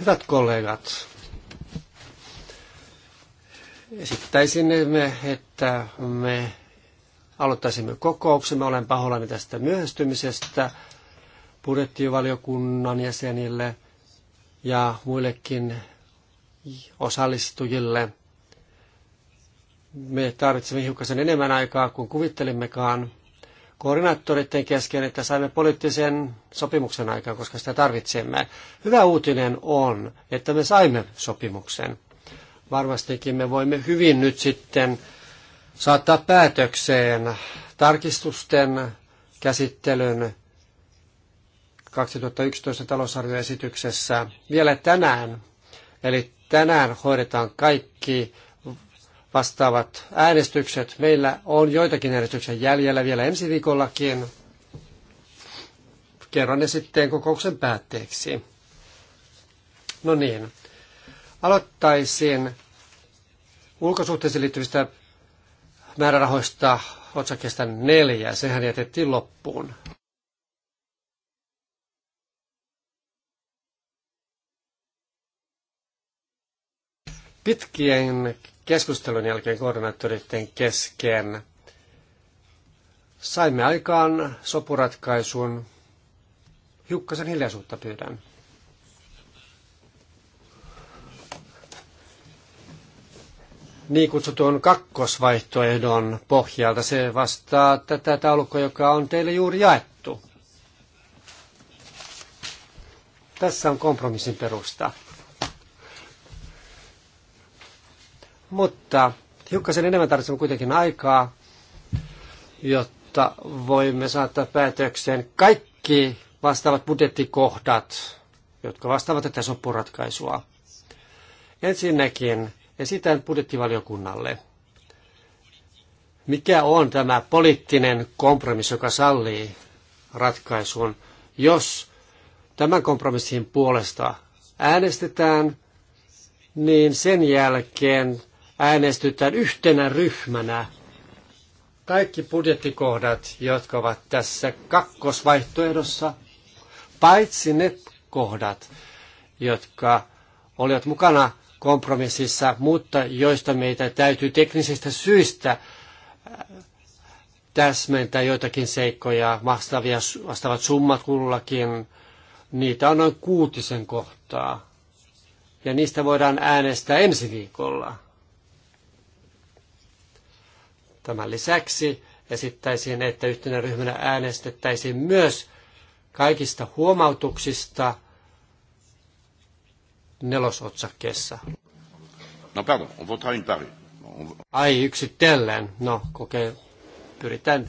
Hyvät kollegat, esittäisimme, että me aloittaisimme kokouksen. Mä olen pahoillani tästä myöhästymisestä budjettivaliokunnan jäsenille ja muillekin osallistujille. Me tarvitsemme hiukan enemmän aikaa kuin kuvittelimmekaan koordinaattoreiden kesken, että saimme poliittisen sopimuksen aikaan, koska sitä tarvitsemme. Hyvä uutinen on, että me saimme sopimuksen. Varmastikin me voimme hyvin nyt sitten saattaa päätökseen tarkistusten käsittelyn 2011 talousarvioesityksessä vielä tänään. Eli tänään hoidetaan kaikki vastaavat äänestykset. Meillä on joitakin äänestyksiä jäljellä vielä ensi viikollakin. Kerron ne sitten kokouksen päätteeksi. No niin. Aloittaisin ulkosuhteisiin liittyvistä määrärahoista otsakkeesta neljä. Sehän jätettiin loppuun. Pitkien keskustelun jälkeen koordinaattoreiden kesken saimme aikaan sopuratkaisun. Hiukkasen hiljaisuutta pyydän. Niin kutsutun kakkosvaihtoehdon pohjalta se vastaa tätä taulukkoa, joka on teille juuri jaettu. Tässä on kompromissin perusta. Mutta hiukkasen enemmän tarvitsemme kuitenkin aikaa, jotta voimme saattaa päätökseen kaikki vastaavat budjettikohdat, jotka vastaavat tätä sopuratkaisua. Ensinnäkin esitän budjettivaliokunnalle, mikä on tämä poliittinen kompromissi, joka sallii ratkaisun, jos tämän kompromissin puolesta äänestetään, niin sen jälkeen äänestytään yhtenä ryhmänä kaikki budjettikohdat, jotka ovat tässä kakkosvaihtoehdossa, paitsi ne kohdat, jotka olivat mukana kompromississa, mutta joista meitä täytyy teknisistä syistä äh, täsmentää joitakin seikkoja, vastaavia, vastaavat summat kullakin. Niitä on noin kuutisen kohtaa. Ja niistä voidaan äänestää ensi viikolla. Tämän lisäksi esittäisin, että yhtenä ryhmänä äänestettäisiin myös kaikista huomautuksista nelosotsakkeessa. No pardon, on votera une par On... Ai yksitellen. No, kokee, pyritään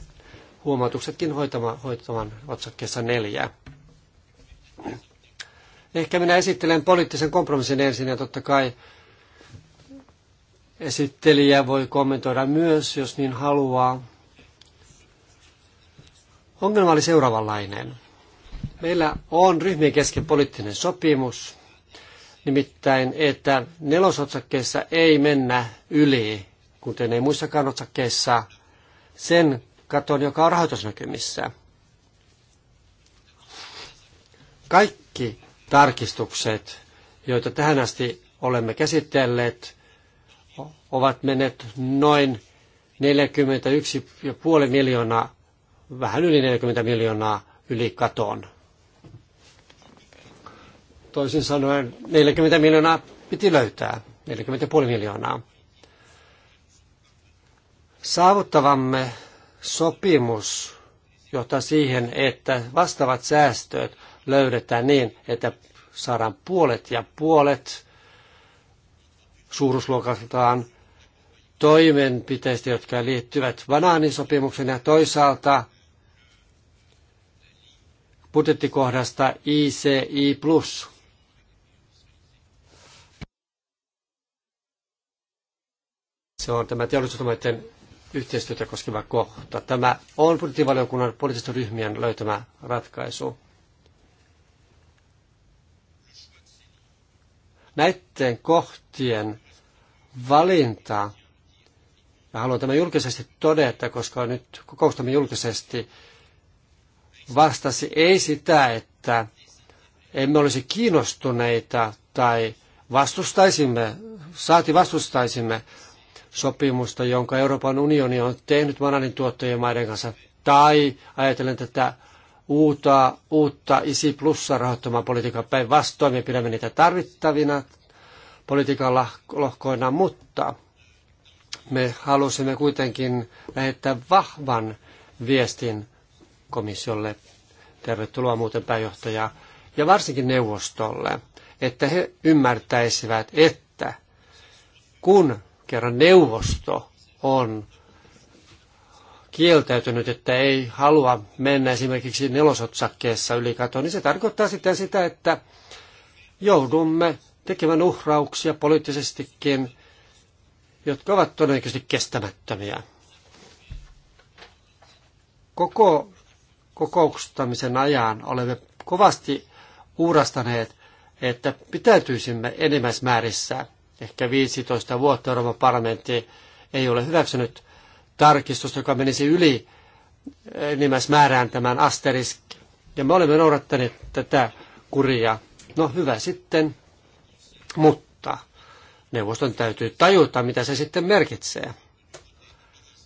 huomautuksetkin hoitamaan, hoitamaan otsakkeessa neljää. Ehkä minä esittelen poliittisen kompromissin ensin ja totta kai Esittelijä voi kommentoida myös, jos niin haluaa. Ongelma oli seuraavanlainen. Meillä on ryhmien kesken poliittinen sopimus, nimittäin, että nelosotsakkeessa ei mennä yli, kuten ei muissakaan otsakkeissa, sen katon, joka on rahoitusnäkymissä. Kaikki tarkistukset, joita tähän asti olemme käsitelleet, ovat menneet noin 41,5 miljoonaa, vähän yli 40 miljoonaa yli katon. Toisin sanoen 40 miljoonaa piti löytää, 40,5 miljoonaa. Saavuttavamme sopimus johtaa siihen, että vastaavat säästöt löydetään niin, että saadaan puolet ja puolet suuruusluokaltaan toimenpiteistä, jotka liittyvät banaanisopimuksen ja toisaalta budjettikohdasta ICI+. Se on tämä teollisuusomaiden yhteistyötä koskeva kohta. Tämä on budjettivaliokunnan poliittisten ryhmien löytämä ratkaisu. Näiden kohtien valinta, ja haluan tämän julkisesti todeta, koska nyt kokoustamme julkisesti, vastasi ei sitä, että emme olisi kiinnostuneita tai vastustaisimme, saati vastustaisimme sopimusta, jonka Euroopan unioni on tehnyt bananin tuottajien maiden kanssa, tai ajatellen tätä uutta, uutta ISI plussa rahoittamaan politiikan päinvastoin. Me pidämme niitä tarvittavina politiikan lohkoina, mutta me halusimme kuitenkin lähettää vahvan viestin komissiolle, tervetuloa muuten pääjohtaja, ja varsinkin neuvostolle, että he ymmärtäisivät, että kun kerran neuvosto on kieltäytynyt, että ei halua mennä esimerkiksi nelosotsakkeessa yli katoa, niin se tarkoittaa sitten sitä, että joudumme tekemään uhrauksia poliittisestikin, jotka ovat todennäköisesti kestämättömiä. Koko kokoustamisen ajan olemme kovasti uurastaneet, että pitäytyisimme enimmäismäärissä. Ehkä 15 vuotta Euroopan parlamentti ei ole hyväksynyt tarkistusta, joka menisi yli enimmäismäärään tämän asterisk. Ja me olemme noudattaneet tätä kuria. No hyvä sitten, mutta neuvoston täytyy tajuta, mitä se sitten merkitsee.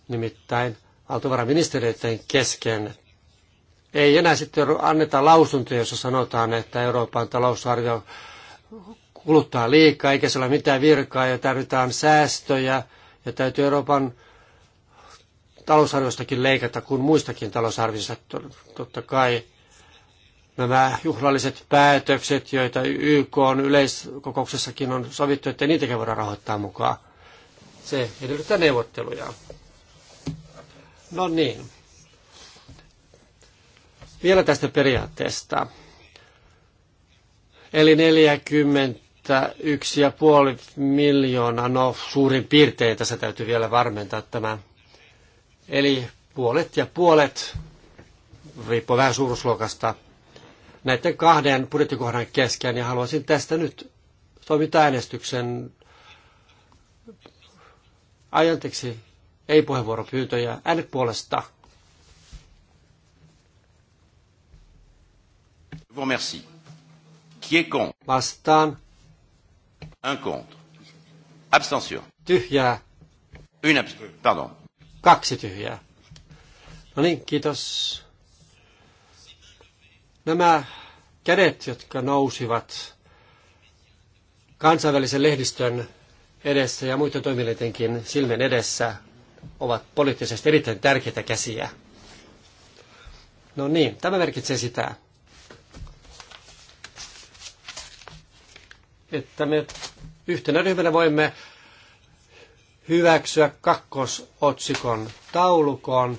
Nimittäin valtiovarainministeriöiden kesken ei enää sitten anneta lausuntoja, jossa sanotaan, että Euroopan talousarvio kuluttaa liikaa, eikä se ole mitään virkaa ja tarvitaan säästöjä ja täytyy Euroopan talousarviostakin leikata kuin muistakin talousarvioista. Totta kai nämä juhlalliset päätökset, joita YK on yleiskokouksessakin on sovittu, että niitäkin voidaan rahoittaa mukaan. Se edellyttää neuvotteluja. No niin. Vielä tästä periaatteesta. Eli 41,5 miljoonaa, no suurin piirtein tässä täytyy vielä varmentaa tämä Eli puolet ja puolet, riippuu vähän suuruusluokasta, näiden kahden budjettikohdan kesken, ja haluaisin tästä nyt toimintaäänestyksen ajanteksi ei puheenvuoropyyntöjä, äänet puolesta. Vous merci. Qui est contre? Vastaan. Un contre. Abstention. Tyhjää. Une abstention. Pardon. Kaksi tyhjää. No niin, kiitos. Nämä kädet, jotka nousivat kansainvälisen lehdistön edessä ja muiden toimijoidenkin silmien edessä, ovat poliittisesti erittäin tärkeitä käsiä. No niin, tämä merkitsee sitä, että me yhtenä ryhmänä voimme hyväksyä kakkosotsikon taulukon,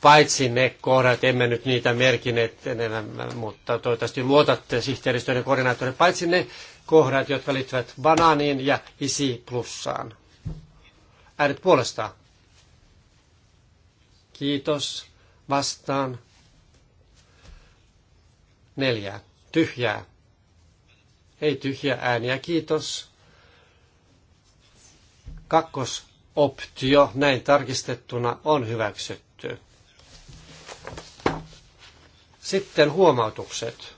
paitsi ne kohdat, emme nyt niitä merkineet enemmän, mutta toivottavasti luotatte sihteeristöön ja koordinaattorin, paitsi ne kohdat, jotka liittyvät banaaniin ja isi plussaan. Äänet puolestaan. Kiitos. Vastaan. Neljä. Tyhjää. Ei tyhjä ääniä, kiitos. Kakkosoptio näin tarkistettuna on hyväksytty. Sitten huomautukset.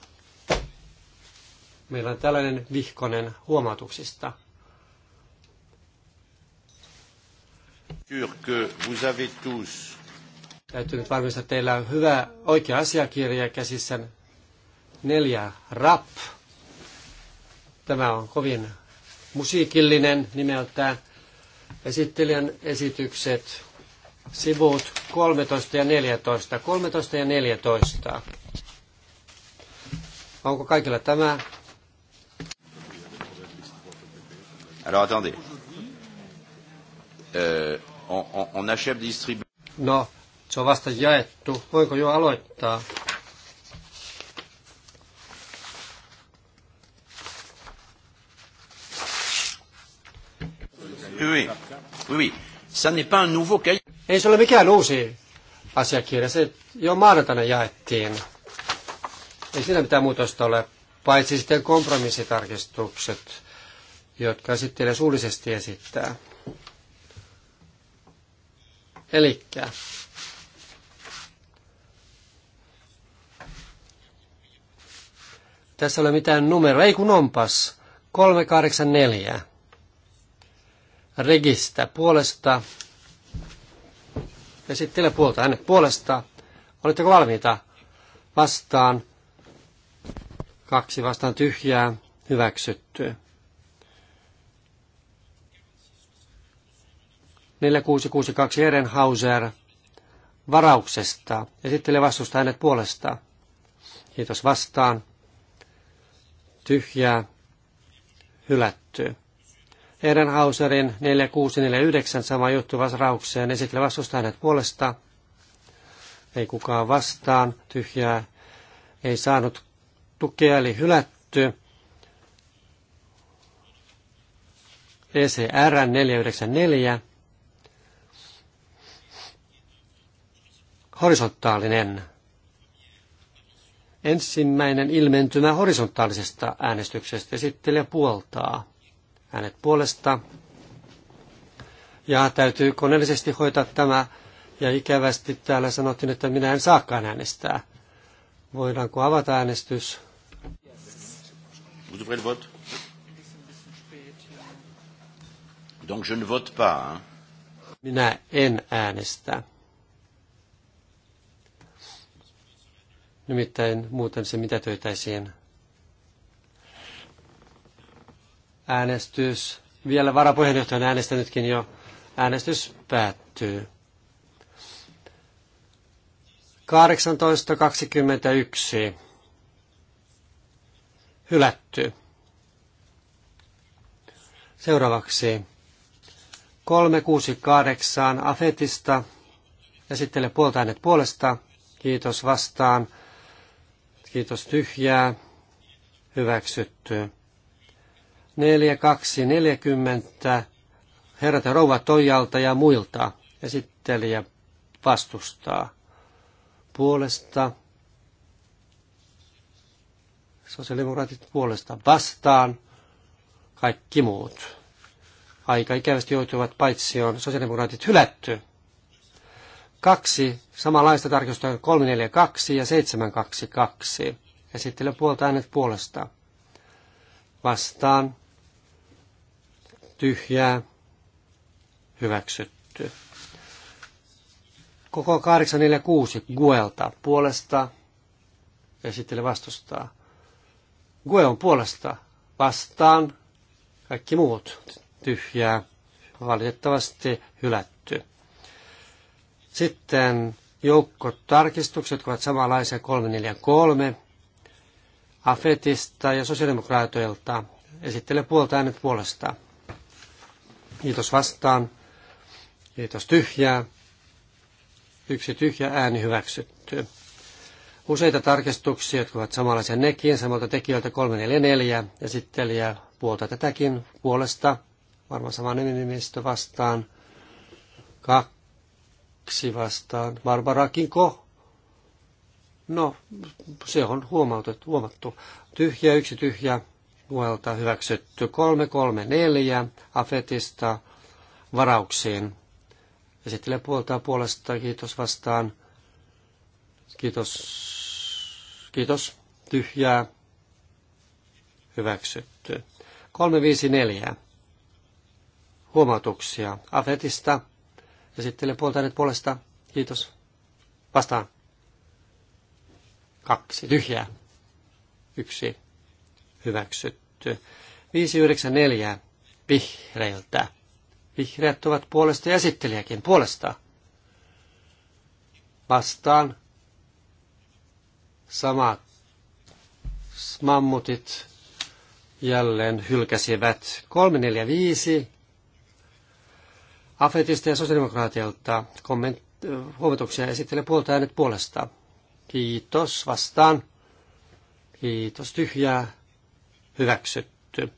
Meillä on tällainen vihkonen huomautuksista. Que vous avez tous. Täytyy nyt varmistaa, että teillä on hyvä oikea asiakirja käsissä neljä rap. Tämä on kovin musiikillinen nimeltään esittelijän esitykset, sivut 13 ja 14. 13 ja 14. Onko kaikilla tämä? Alors attendez. Euh, on, on, on achève distribuer. No, se on vasta jaettu. Voinko jo aloittaa? oui, oui. Ça n'est pas un nouveau cahier. Ei se ole mikään uusi asiakirja. Se jo maanantaina jaettiin. Ei siinä mitään muutosta ole, paitsi sitten kompromissitarkistukset, jotka esittelijä suullisesti esittää. Eli Tässä ei ole mitään numeroa, ei kun onpas. 384 registä puolesta. Ja sitten teille puolta ennen puolesta. Oletteko valmiita vastaan? Kaksi vastaan tyhjää hyväksytty. 4662 Ehrenhauser varauksesta. Esittelee vastusta hänet puolestaan. Kiitos vastaan. Tyhjää. hylättyä. Hauserin 4649 sama juttu vasraukseen. Esittele vastustaa hänet puolesta. Ei kukaan vastaan. Tyhjää ei saanut tukea eli hylätty. ECR 494. Horisontaalinen. Ensimmäinen ilmentymä horisontaalisesta äänestyksestä esittelee puoltaa hänet puolesta. Ja täytyy koneellisesti hoitaa tämä. Ja ikävästi täällä sanottiin, että minä en saakaan äänestää. Voidaanko avata äänestys? Vous ouvrez le vote Donc je ne vote pas. Hein. Minä en äänestä. Nimittäin muuten se mitä töitäisiin äänestys. Vielä varapuheenjohtaja on äänestänytkin jo. Äänestys päättyy. 18.21. Hylätty. Seuraavaksi 368 Afetista. Esittele puolta äänet puolesta. Kiitos vastaan. Kiitos tyhjää. Hyväksytty. 4240 herrat ja rouvat Toijalta ja muilta esittelijä vastustaa puolesta. Sosiaalidemokraatit puolesta vastaan kaikki muut. Aika ikävästi joutuvat paitsi on sosiaalidemokraatit hylätty. Kaksi samanlaista tarkistusta 342 ja 722. Esittelen puolta äänet puolesta. Vastaan tyhjää, hyväksytty. Koko 846 Guelta puolesta esitteli vastustaa. Gue on puolesta vastaan, kaikki muut tyhjää, valitettavasti hylätty. Sitten joukkotarkistukset, ovat samanlaisia 343 Afetista ja sosiaalidemokraateilta esittelee puolta äänet puolesta Kiitos vastaan. Kiitos tyhjää. Yksi tyhjä ääni hyväksytty. Useita tarkistuksia, jotka ovat samanlaisia nekin, samalta tekijöiltä 344, esittelijä puolta tätäkin puolesta, varmaan sama nimimistö vastaan, kaksi vastaan, Barbara kinko, No, se on huomautettu, huomattu. Tyhjä, yksi tyhjä, puolelta hyväksytty 334 Afetista varauksiin. Esittelee puolta puolesta. Kiitos vastaan. Kiitos. Kiitos. Tyhjää. Hyväksytty. 354. Huomautuksia. Afetista. Esittelee puolta hänet puolesta. Kiitos. Vastaan. Kaksi. Tyhjää. Yksi. Hyväksytty hylätty. 594 vihreiltä. Vihreät ovat puolesta ja esittelijäkin puolesta. Vastaan samat mammutit jälleen hylkäsivät 345 Afetista ja sosiaalidemokraatilta komment- huomatuksia esittelee puolta äänet puolesta. Kiitos vastaan. Kiitos tyhjää hyväksytty.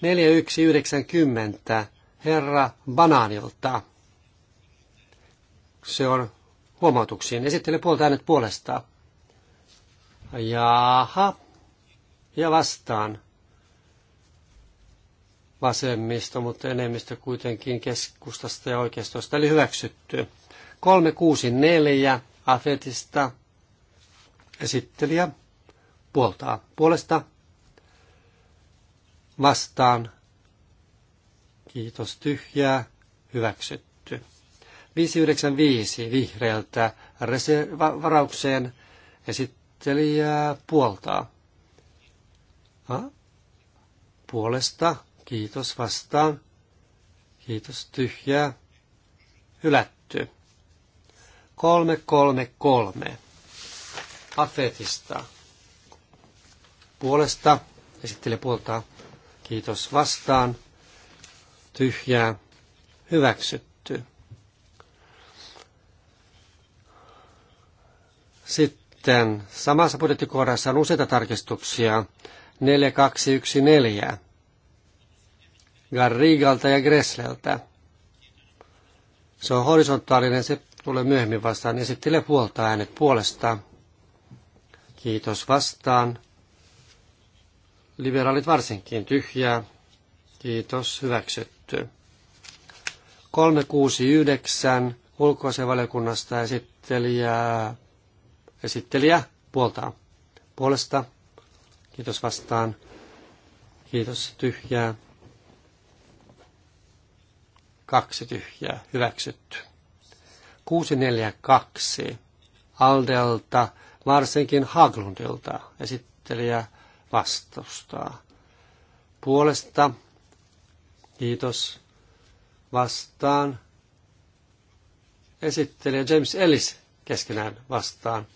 4190 herra Banaanilta. Se on huomautuksiin. Esittele puolta äänet puolesta. Jaha. Ja vastaan. Vasemmisto, mutta enemmistö kuitenkin keskustasta ja oikeistosta, eli hyväksytty. 364 Afetista esittelijä puoltaa puolesta vastaan. Kiitos tyhjää. Hyväksytty. 595 vihreältä varaukseen esittelijää puoltaa. Ha? Puolesta. Kiitos vastaan. Kiitos tyhjää. Hylätty. 333. Afetista. Puolesta. Esittelijä puoltaa Kiitos vastaan. Tyhjää. Hyväksytty. Sitten samassa budjettikohdassa on useita tarkistuksia. 4214. Garrigalta ja Gressleltä. Se on horisontaalinen, se tulee myöhemmin vastaan. Esittele puolta äänet puolesta. Kiitos vastaan liberaalit varsinkin, tyhjää, kiitos, hyväksytty. 369 valiokunnasta esittelijä, esittelijä puolta puolesta. Kiitos vastaan. Kiitos tyhjää. Kaksi tyhjää. Hyväksytty. 642. Aldelta, varsinkin Haglundilta, esittelijä vastustaa. Puolesta, kiitos, vastaan. Esittelijä James Ellis keskenään vastaan.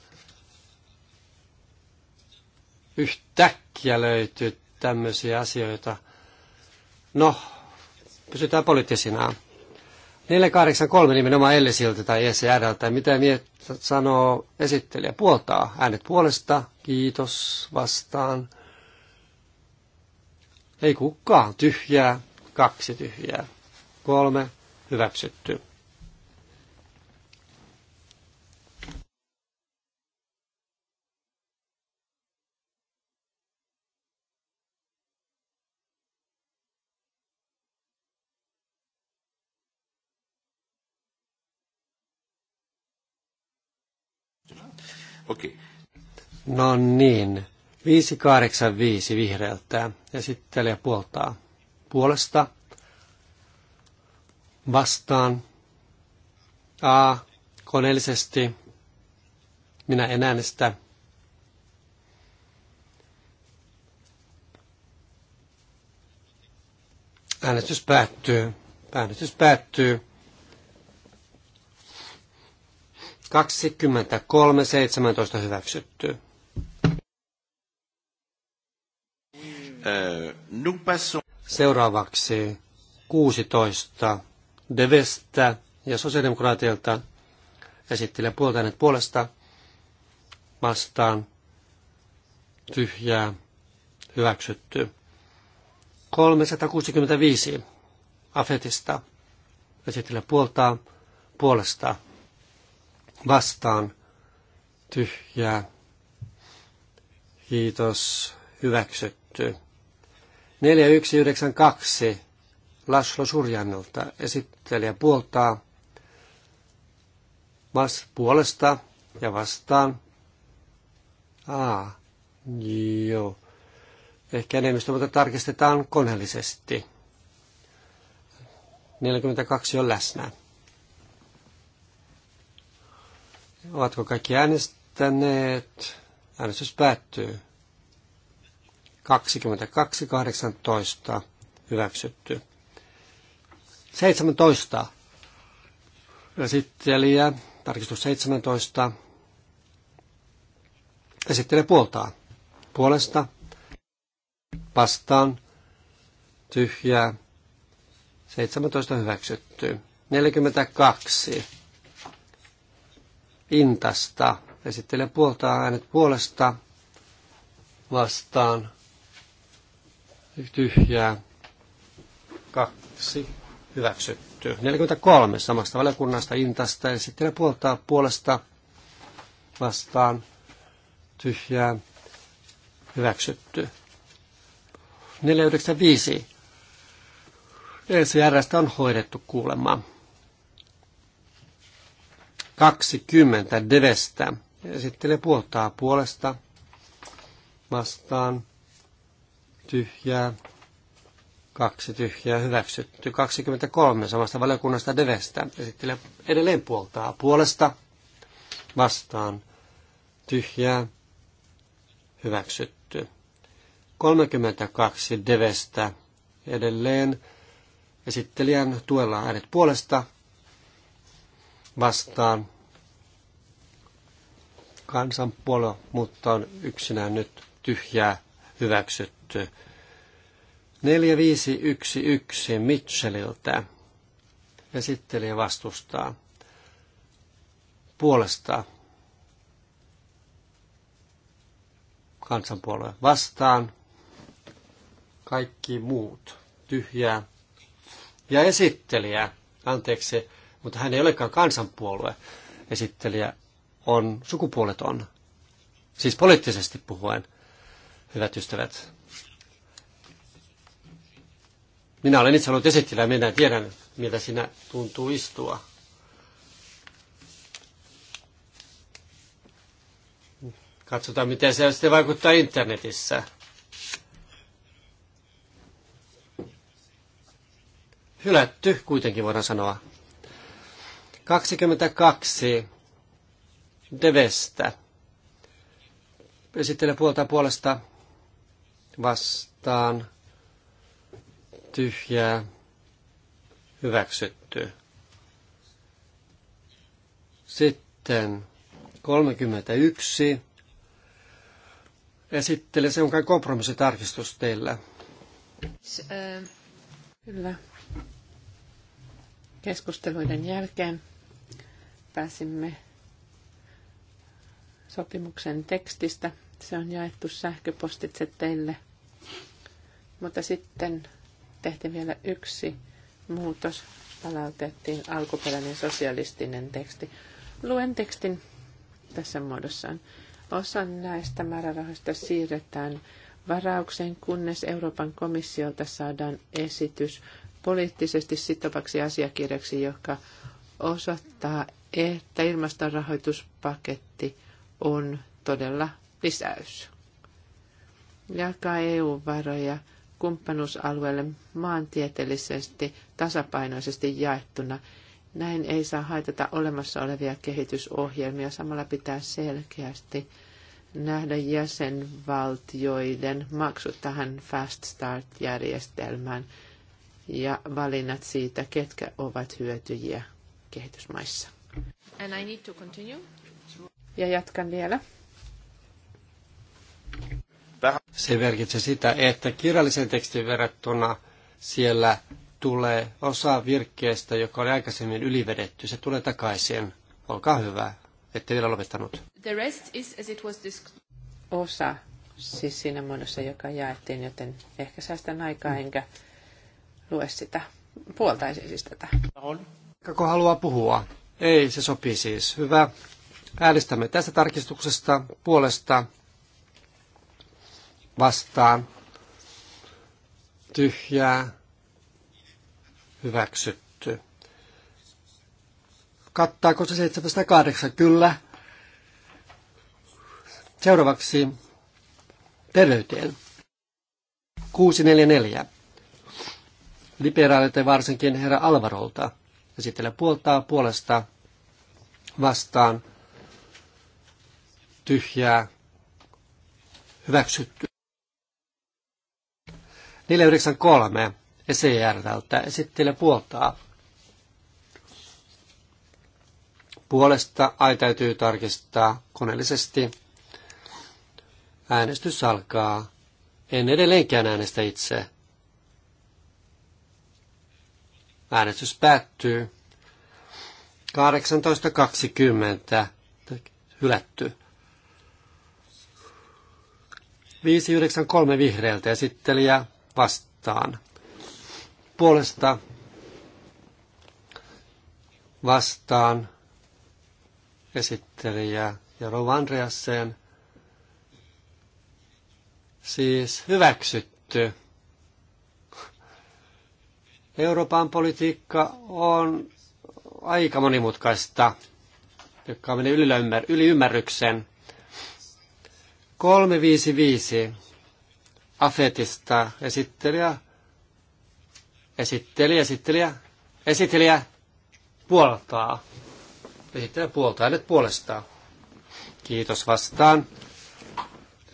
Yhtäkkiä löytyy tämmöisiä asioita. No, pysytään poliittisina. 483 nimenomaan Ellisiltä tai ECRltä. Mitä miet sanoo esittelijä? Puoltaa äänet puolesta, kiitos, vastaan. Ei kukaan tyhjää, kaksi tyhjää, kolme hyväksytty. Okei. Okay. No niin, 585 vihreältä esittelee puoltaa puolesta vastaan A koneellisesti minä en äänestä Äänestys päättyy. Äänestys päättyy. 23.17 hyväksytty. Seuraavaksi 16 Devestä ja sosiaalidemokraatilta esittelee puolta hänet puolesta vastaan tyhjää hyväksytty. 365 Afetista esittelee puoltaan puolesta vastaan tyhjää. Kiitos hyväksytty. 4192 Laslo Surjannolta esittelijä puoltaa vas puolesta ja vastaan. A. joo. Ehkä enemmistö, mutta tarkistetaan koneellisesti. 42 on läsnä. Ovatko kaikki äänestäneet? Äänestys päättyy. 22.18 hyväksytty. 17 esittelijä, tarkistus 17, esittelee puoltaa. Puolesta, vastaan, tyhjää, 17 hyväksytty. 42. Intasta. Esittelen puolta äänet puolesta vastaan tyhjää, kaksi hyväksytty. 43 samasta valiokunnasta Intasta sitten puoltaa puolesta vastaan tyhjää hyväksytty. 495 ECRstä on hoidettu kuulemaan. 20 Devestä esittelee puoltaa puolesta vastaan tyhjää, kaksi tyhjää hyväksytty. 23 samasta valiokunnasta Devestä esittelee edelleen puoltaa puolesta vastaan tyhjää hyväksytty. 32 Devestä edelleen esittelijän tuella äänet puolesta vastaan kansanpuolue, mutta on yksinään nyt tyhjää hyväksytty. 4511 Mitchelliltä. Esittelijä vastustaa. Puolesta. Kansanpuolue vastaan. Kaikki muut. Tyhjää. Ja esittelijä, anteeksi, mutta hän ei olekaan kansanpuolue. Esittelijä on sukupuoleton. Siis poliittisesti puhuen hyvät ystävät. Minä olen itse ollut esittilä, minä tiedän, miltä sinä tuntuu istua. Katsotaan, miten se sitten vaikuttaa internetissä. Hylätty kuitenkin voidaan sanoa. 22 Devestä. Esittelen puolta puolesta vastaan tyhjää hyväksytty. Sitten 31. Esittele, se on kai kompromissitarkistus teillä. Kyllä. Keskusteluiden jälkeen pääsimme sopimuksen tekstistä. Se on jaettu sähköpostitse teille mutta sitten tehtiin vielä yksi muutos. Palautettiin alkuperäinen sosialistinen teksti. Luen tekstin tässä muodossaan. Osa näistä määrärahoista siirretään varaukseen, kunnes Euroopan komissiolta saadaan esitys poliittisesti sitovaksi asiakirjaksi, joka osoittaa, että ilmastorahoituspaketti on todella lisäys. Jakaa EU-varoja kumppanuusalueelle maantieteellisesti tasapainoisesti jaettuna. Näin ei saa haitata olemassa olevia kehitysohjelmia. Samalla pitää selkeästi nähdä jäsenvaltioiden maksut tähän Fast Start-järjestelmään ja valinnat siitä, ketkä ovat hyötyjiä kehitysmaissa. And I need to continue. Ja jatkan vielä. Se merkitsee sitä, että kirjallisen tekstin verrattuna siellä tulee osa virkkeestä, joka oli aikaisemmin ylivedetty. Se tulee takaisin. Olkaa hyvä, ette vielä lopettanut. The rest is as it was this... Osa, siis siinä muodossa, joka jaettiin, joten ehkä säästän aikaa mm. enkä lue sitä. Puoltaisin siis tätä. Kako haluaa puhua? Ei, se sopii siis. Hyvä. Äänestämme tästä tarkistuksesta puolesta vastaan tyhjää hyväksytty. Kattaako se 708? Kyllä. Seuraavaksi terveyteen. 644. Liberaalit ja varsinkin herra Alvarolta esittelee puoltaa puolesta vastaan tyhjää hyväksytty. 493 SERltä esittelee puoltaa. Puolesta ai täytyy tarkistaa koneellisesti. Äänestys alkaa. En edelleenkään äänestä itse. Äänestys päättyy. 18.20. Hylätty. 593 vihreältä esittelijä vastaan. Puolesta vastaan esittelijä ja Rova Andreasseen siis hyväksytty. Euroopan politiikka on aika monimutkaista, joka menee yli ymmärryksen. 355 Afetista. Esittelijä, esittelijä, esittelijä, esittelijä puoltaa. Esittelijä puoltaa, nyt puolestaan. Kiitos vastaan.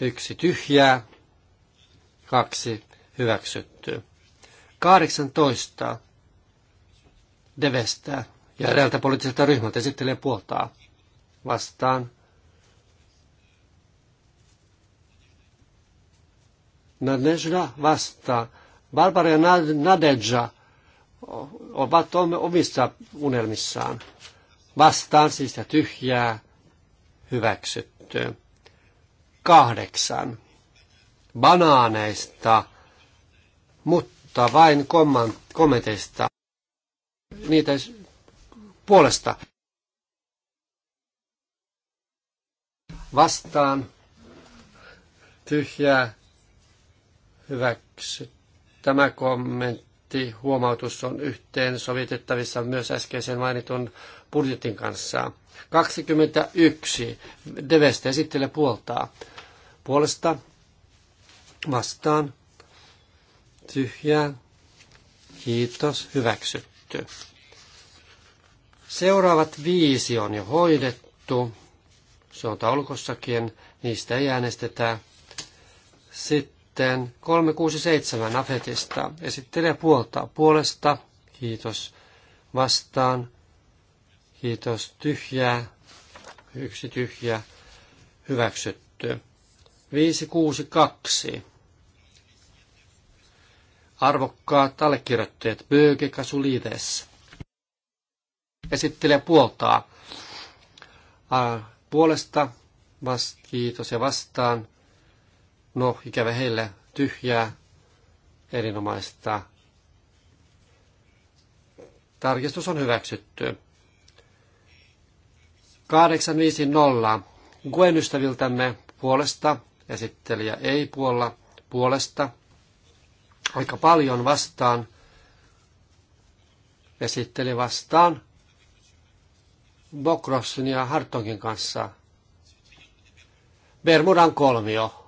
Yksi tyhjää, kaksi hyväksyttyä. 18 Devestä ja eräältä poliittiselta ryhmältä esittelee puoltaa vastaan Nadežda vasta Barbara ja Nadeja ovat omissa unelmissaan. Vastaan siis ja tyhjää hyväksytty. Kahdeksan. Banaaneista, mutta vain kommenteista. Niitä puolesta. Vastaan tyhjää hyväksy. Tämä kommentti huomautus on yhteen sovitettavissa myös äskeisen mainitun budjetin kanssa. 21. deveste esittelee puoltaa. Puolesta vastaan tyhjää. Kiitos, hyväksytty. Seuraavat viisi on jo hoidettu. Se on taulukossakin. Niistä ei äänestetä. Sitten sitten 367 Afetista. Esittelee puolta puolesta. Kiitos vastaan. Kiitos tyhjää. Yksi tyhjä. Hyväksytty. 562. Arvokkaat allekirjoittajat Böge Kasulides. Esittelee puoltaa. Puolesta vast, kiitos ja vastaan No, ikävä heille tyhjää, erinomaista. Tarkistus on hyväksytty. 850 Gwen ystäviltämme puolesta, esittelijä ei puolla puolesta, aika paljon vastaan, esitteli vastaan Bokrossin ja Hartongin kanssa. Bermudan kolmio.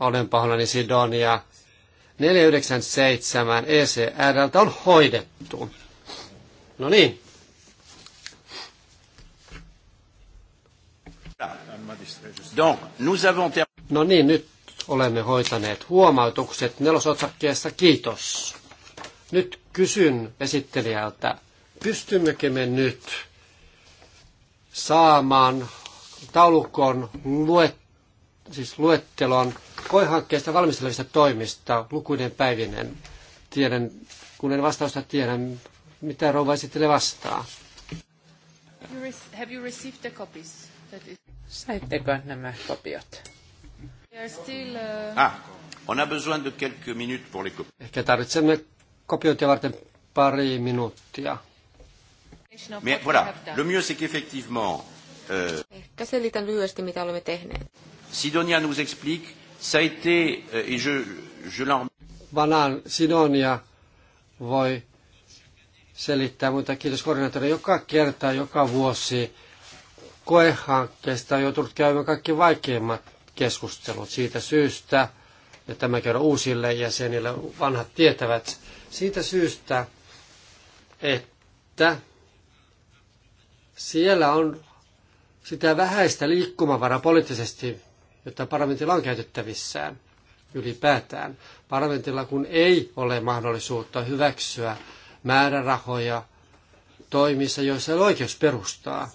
olen pahoillani Sidonia, 497 ECRltä on hoidettu. No niin. No niin, nyt olemme hoitaneet huomautukset nelosotsakkeessa. Kiitos. Nyt kysyn esittelijältä, pystymmekö me nyt saamaan taulukon luettua siis luettelon koehankkeesta valmistelevista toimista lukuinen päivinen. Tiedän, kun en vastausta tiedä, mitä rouva esittelee vastaa. Have you received the copies? Saitteko nämä kopiot? Still, uh... Ah, on a besoin de quelques minutes pour les copies. Ehkä tarvitsemme kopiointia varten pari minuuttia. Mais voilà, le mieux c'est qu'effectivement... Euh... Ehkä selitän lyhyesti, mitä olemme tehneet. Sidonia nous explique, ça a été, euh, et je, je l'en... Banan Sidonia voi selittää, mutta kiitos koordinaattori joka kerta, joka vuosi koehankkeesta on joutunut käymään kaikki vaikeimmat keskustelut siitä syystä, ja tämä kerran uusille jäsenille vanhat tietävät, siitä syystä, että siellä on sitä vähäistä liikkumavaraa poliittisesti, että parlamentilla on käytettävissään ylipäätään. Parlamentilla kun ei ole mahdollisuutta hyväksyä määrärahoja toimissa, joissa ei ole oikeus perustaa.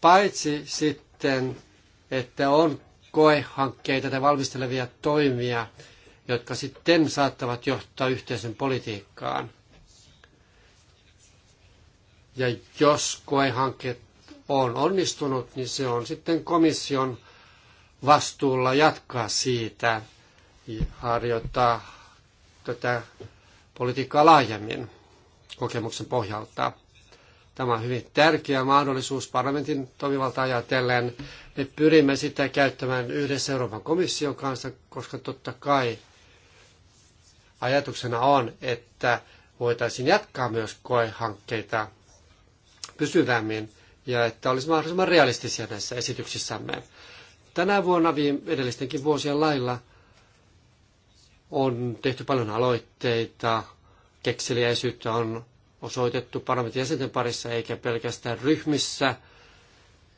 Paitsi sitten, että on koehankkeita tai valmistelevia toimia, jotka sitten saattavat johtaa yhteisen politiikkaan. Ja jos koehankkeet on onnistunut, niin se on sitten komission vastuulla jatkaa siitä ja harjoittaa tätä politiikkaa laajemmin kokemuksen pohjalta. Tämä on hyvin tärkeä mahdollisuus parlamentin toimivalta ajatellen. Me pyrimme sitä käyttämään yhdessä Euroopan komission kanssa, koska totta kai ajatuksena on, että voitaisiin jatkaa myös koehankkeita pysyvämmin ja että olisi mahdollisimman realistisia näissä esityksissämme. Tänä vuonna viime edellistenkin vuosien lailla on tehty paljon aloitteita, kekseliäisyyttä on osoitettu parlamentin jäsenten parissa, eikä pelkästään ryhmissä,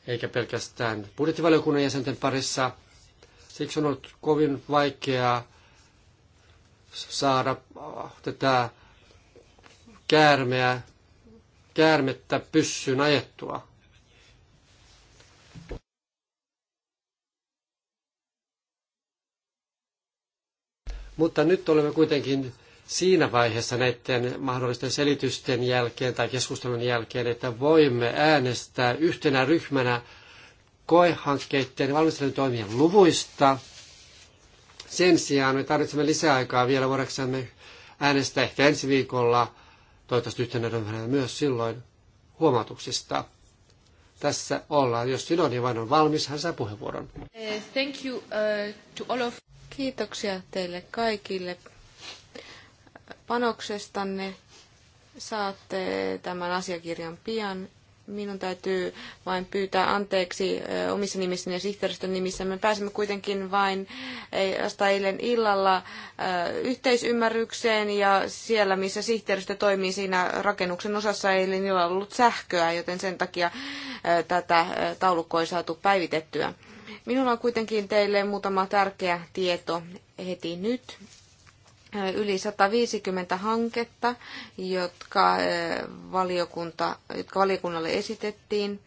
eikä pelkästään budjettivaliokunnan jäsenten parissa. Siksi on ollut kovin vaikeaa saada äh, tätä käärmeä, käärmettä pyssyyn ajettua. Mutta nyt olemme kuitenkin siinä vaiheessa näiden mahdollisten selitysten jälkeen tai keskustelun jälkeen, että voimme äänestää yhtenä ryhmänä koehankkeiden valmistelutoimien luvuista. Sen sijaan me tarvitsemme lisäaikaa vielä voidaksemme äänestää ehkä ensi viikolla, toivottavasti yhtenä ryhmänä myös silloin, huomautuksista. Tässä ollaan. Jos sinun niin vain on valmis, hän saa puheenvuoron. Eh, thank you, eh, to all of... Kiitoksia teille kaikille panoksestanne. Saatte tämän asiakirjan pian. Minun täytyy vain pyytää anteeksi omissa nimissäni ja sihteeristön nimissä. Me pääsimme kuitenkin vain vasta eilen illalla yhteisymmärrykseen ja siellä, missä sihteeristö toimii siinä rakennuksen osassa, eilen illalla ollut sähköä, joten sen takia tätä taulukkoa ei saatu päivitettyä. Minulla on kuitenkin teille muutama tärkeä tieto heti nyt. Yli 150 hanketta, jotka, valiokunta, jotka valiokunnalle esitettiin.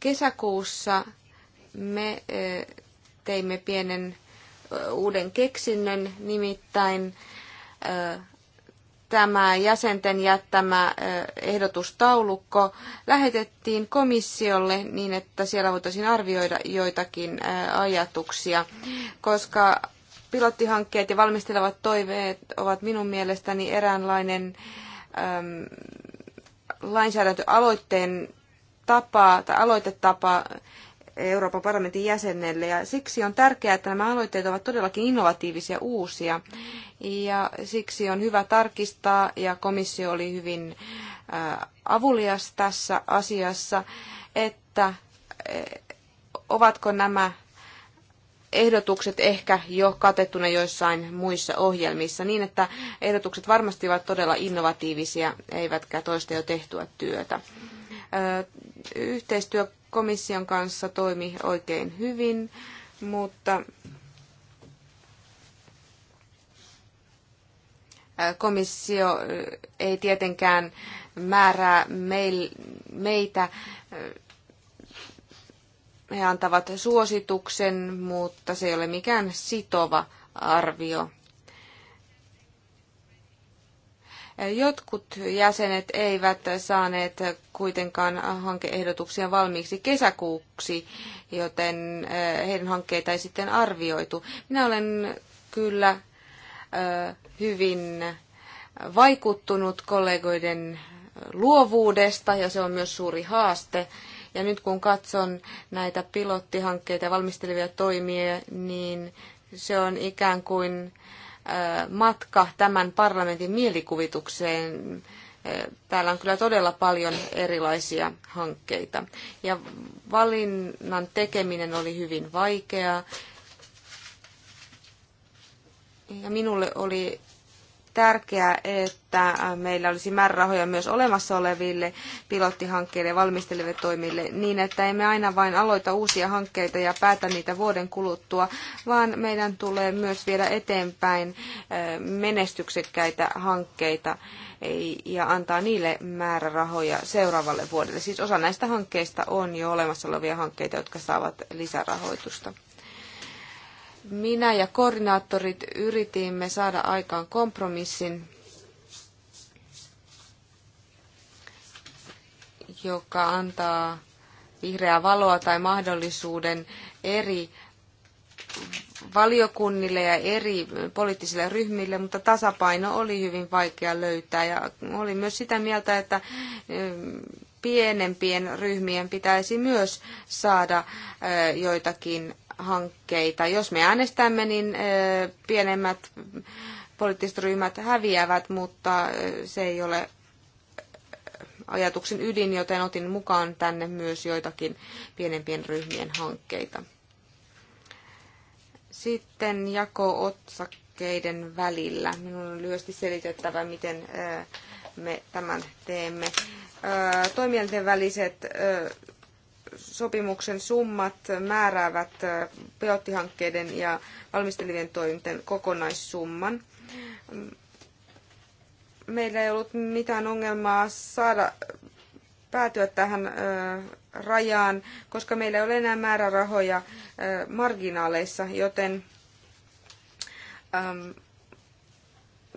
Kesäkuussa me teimme pienen uuden keksinnön, nimittäin tämä jäsenten jättämä ehdotustaulukko lähetettiin komissiolle niin, että siellä voitaisiin arvioida joitakin ajatuksia, koska pilottihankkeet ja valmistelevat toiveet ovat minun mielestäni eräänlainen äm, lainsäädäntöaloitteen tapa tai aloitetapa Euroopan parlamentin jäsenelle. Ja siksi on tärkeää, että nämä aloitteet ovat todellakin innovatiivisia uusia. Ja siksi on hyvä tarkistaa, ja komissio oli hyvin äh, avulias tässä asiassa, että äh, ovatko nämä ehdotukset ehkä jo katettuna joissain muissa ohjelmissa, niin että ehdotukset varmasti ovat todella innovatiivisia, eivätkä toista jo tehtyä työtä. Yhteistyö komission kanssa toimi oikein hyvin, mutta komissio ei tietenkään määrää meitä. He antavat suosituksen, mutta se ei ole mikään sitova arvio. Jotkut jäsenet eivät saaneet kuitenkaan hankeehdotuksia valmiiksi kesäkuuksi, joten eh, heidän hankkeita ei sitten arvioitu. Minä olen kyllä eh, hyvin vaikuttunut kollegoiden eh, luovuudesta ja se on myös suuri haaste. Ja nyt kun katson näitä pilottihankkeita ja valmistelevia toimia, niin se on ikään kuin äh, matka tämän parlamentin mielikuvitukseen. Täällä on kyllä todella paljon erilaisia hankkeita. Ja valinnan tekeminen oli hyvin vaikeaa. Ja minulle oli tärkeää, että meillä olisi määrärahoja myös olemassa oleville pilottihankkeille ja valmisteleville toimille niin, että emme aina vain aloita uusia hankkeita ja päätä niitä vuoden kuluttua, vaan meidän tulee myös viedä eteenpäin menestyksekkäitä hankkeita ja antaa niille määrärahoja seuraavalle vuodelle. Siis osa näistä hankkeista on jo olemassa olevia hankkeita, jotka saavat lisärahoitusta. Minä ja koordinaattorit yritimme saada aikaan kompromissin, joka antaa vihreää valoa tai mahdollisuuden eri valiokunnille ja eri poliittisille ryhmille, mutta tasapaino oli hyvin vaikea löytää. Ja oli myös sitä mieltä, että pienempien ryhmien pitäisi myös saada joitakin hankkeita. Jos me äänestämme, niin pienemmät poliittiset ryhmät häviävät, mutta se ei ole ajatuksen ydin, joten otin mukaan tänne myös joitakin pienempien ryhmien hankkeita. Sitten jako-otsakkeiden välillä. Minun on lyhyesti selitettävä, miten me tämän teemme. Toimielten väliset sopimuksen summat määräävät pilottihankkeiden ja valmistelivien toimien kokonaissumman. Meillä ei ollut mitään ongelmaa saada päätyä tähän rajaan, koska meillä ei ole enää määrärahoja marginaaleissa, joten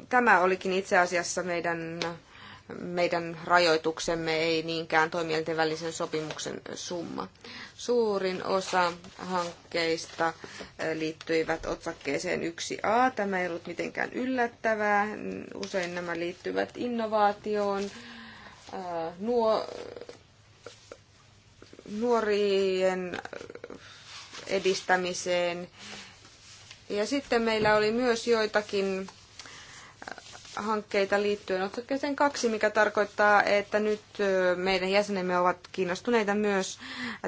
tämä olikin itse asiassa meidän meidän rajoituksemme ei niinkään toimielinten välisen sopimuksen summa. Suurin osa hankkeista eh, liittyivät otsakkeeseen 1a. Tämä ei ollut mitenkään yllättävää. Usein nämä liittyvät innovaatioon, eh, nuo, nuorien edistämiseen. Ja sitten meillä oli myös joitakin hankkeita liittyen otsakkeeseen kaksi, mikä tarkoittaa, että nyt meidän jäsenemme ovat kiinnostuneita myös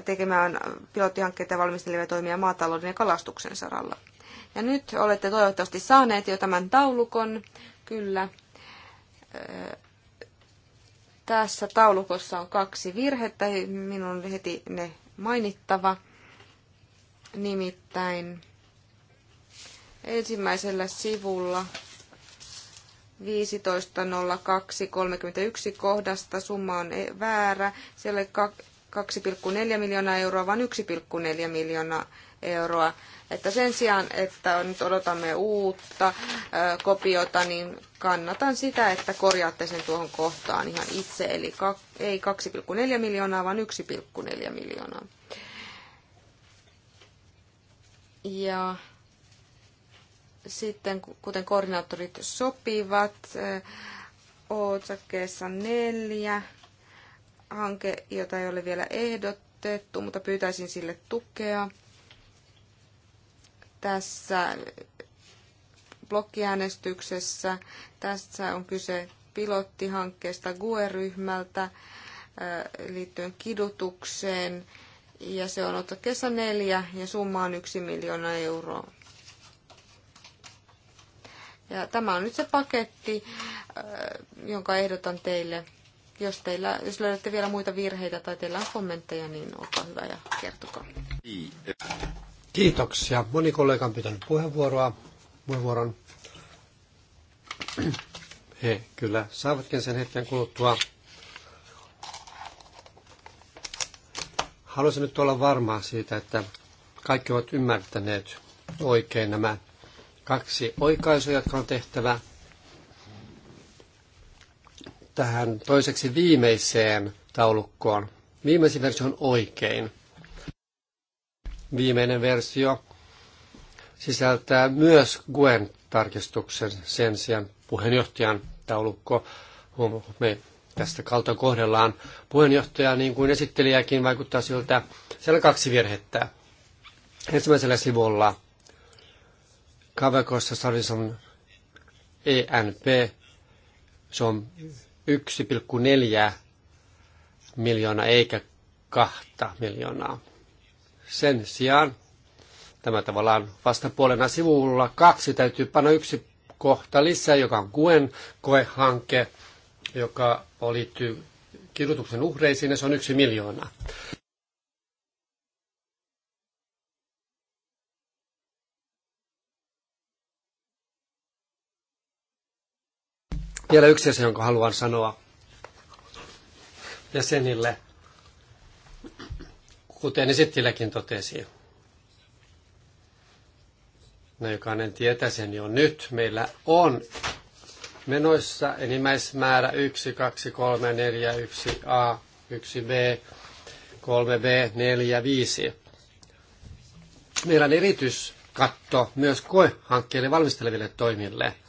tekemään pilottihankkeita valmistelevia toimia maatalouden ja kalastuksen saralla. Ja nyt olette toivottavasti saaneet jo tämän taulukon. Kyllä. Tässä taulukossa on kaksi virhettä. Minun on heti ne mainittava. Nimittäin ensimmäisellä sivulla 15.02.31 kohdasta summa on e- väärä. Siellä oli 2,4 miljoonaa euroa, vaan 1,4 miljoonaa euroa. Että sen sijaan, että nyt odotamme uutta kopiota, niin kannatan sitä, että korjaatte sen tuohon kohtaan ihan itse. Eli ei 2,4 miljoonaa, vaan 1,4 miljoonaa. Ja sitten, kuten koordinaattorit sopivat, otsakkeessa neljä hanke, jota ei ole vielä ehdotettu, mutta pyytäisin sille tukea. Tässä blokkiäänestyksessä tässä on kyse pilottihankkeesta GUE-ryhmältä liittyen kidutukseen. Ja se on otsakkeessa neljä ja summa on yksi miljoona euroa. Ja tämä on nyt se paketti, äh, jonka ehdotan teille. Jos, teillä, jos löydätte vielä muita virheitä tai teillä on kommentteja, niin olkaa hyvä ja kertokaa. Kiitoksia. Moni kollega on pitänyt puheenvuoroa. Puheenvuoron. He kyllä saavatkin sen hetken kuluttua. Haluaisin nyt olla varma siitä, että kaikki ovat ymmärtäneet oikein nämä kaksi oikaisua, jotka on tehtävä tähän toiseksi viimeiseen taulukkoon. Viimeisin versio on oikein. Viimeinen versio sisältää myös Gwen tarkistuksen sen sijaan puheenjohtajan taulukko. Me tästä kalta kohdellaan puheenjohtajaa niin kuin esittelijäkin vaikuttaa siltä. Siellä on kaksi virhettä. Ensimmäisellä sivulla Kavekossa salissa on ENP, se on 1,4 miljoonaa eikä kahta miljoonaa. Sen sijaan tämä tavallaan vastapuolena sivulla kaksi täytyy panna yksi kohta lisää, joka on Kuen koehanke, joka liittyy kidutuksen uhreisiin ja se on yksi miljoona. Vielä yksi asia, jonka haluan sanoa jäsenille, kuten esittiläkin totesi. No jokainen tietää sen jo nyt. Meillä on menoissa enimmäismäärä 1, 2, 3, 4, 1, A, 1, B, 3, B, 4, 5. Meillä on erityiskatto myös koehankkeille valmisteleville toimille –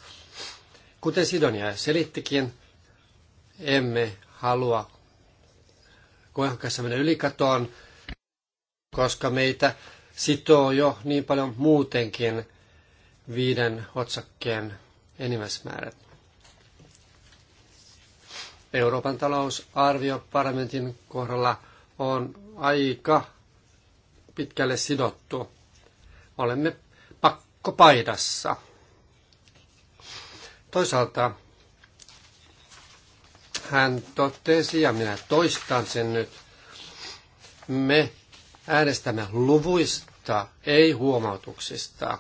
Kuten Sidonia selittikin, emme halua koehankkeessa mennä ylikatoon, koska meitä sitoo jo niin paljon muutenkin viiden otsakkeen enimmäismäärät. Euroopan talousarvio parlamentin kohdalla on aika pitkälle sidottu. Olemme pakkopaidassa. Toisaalta hän totesi, ja minä toistan sen nyt, me äänestämme luvuista, ei huomautuksista.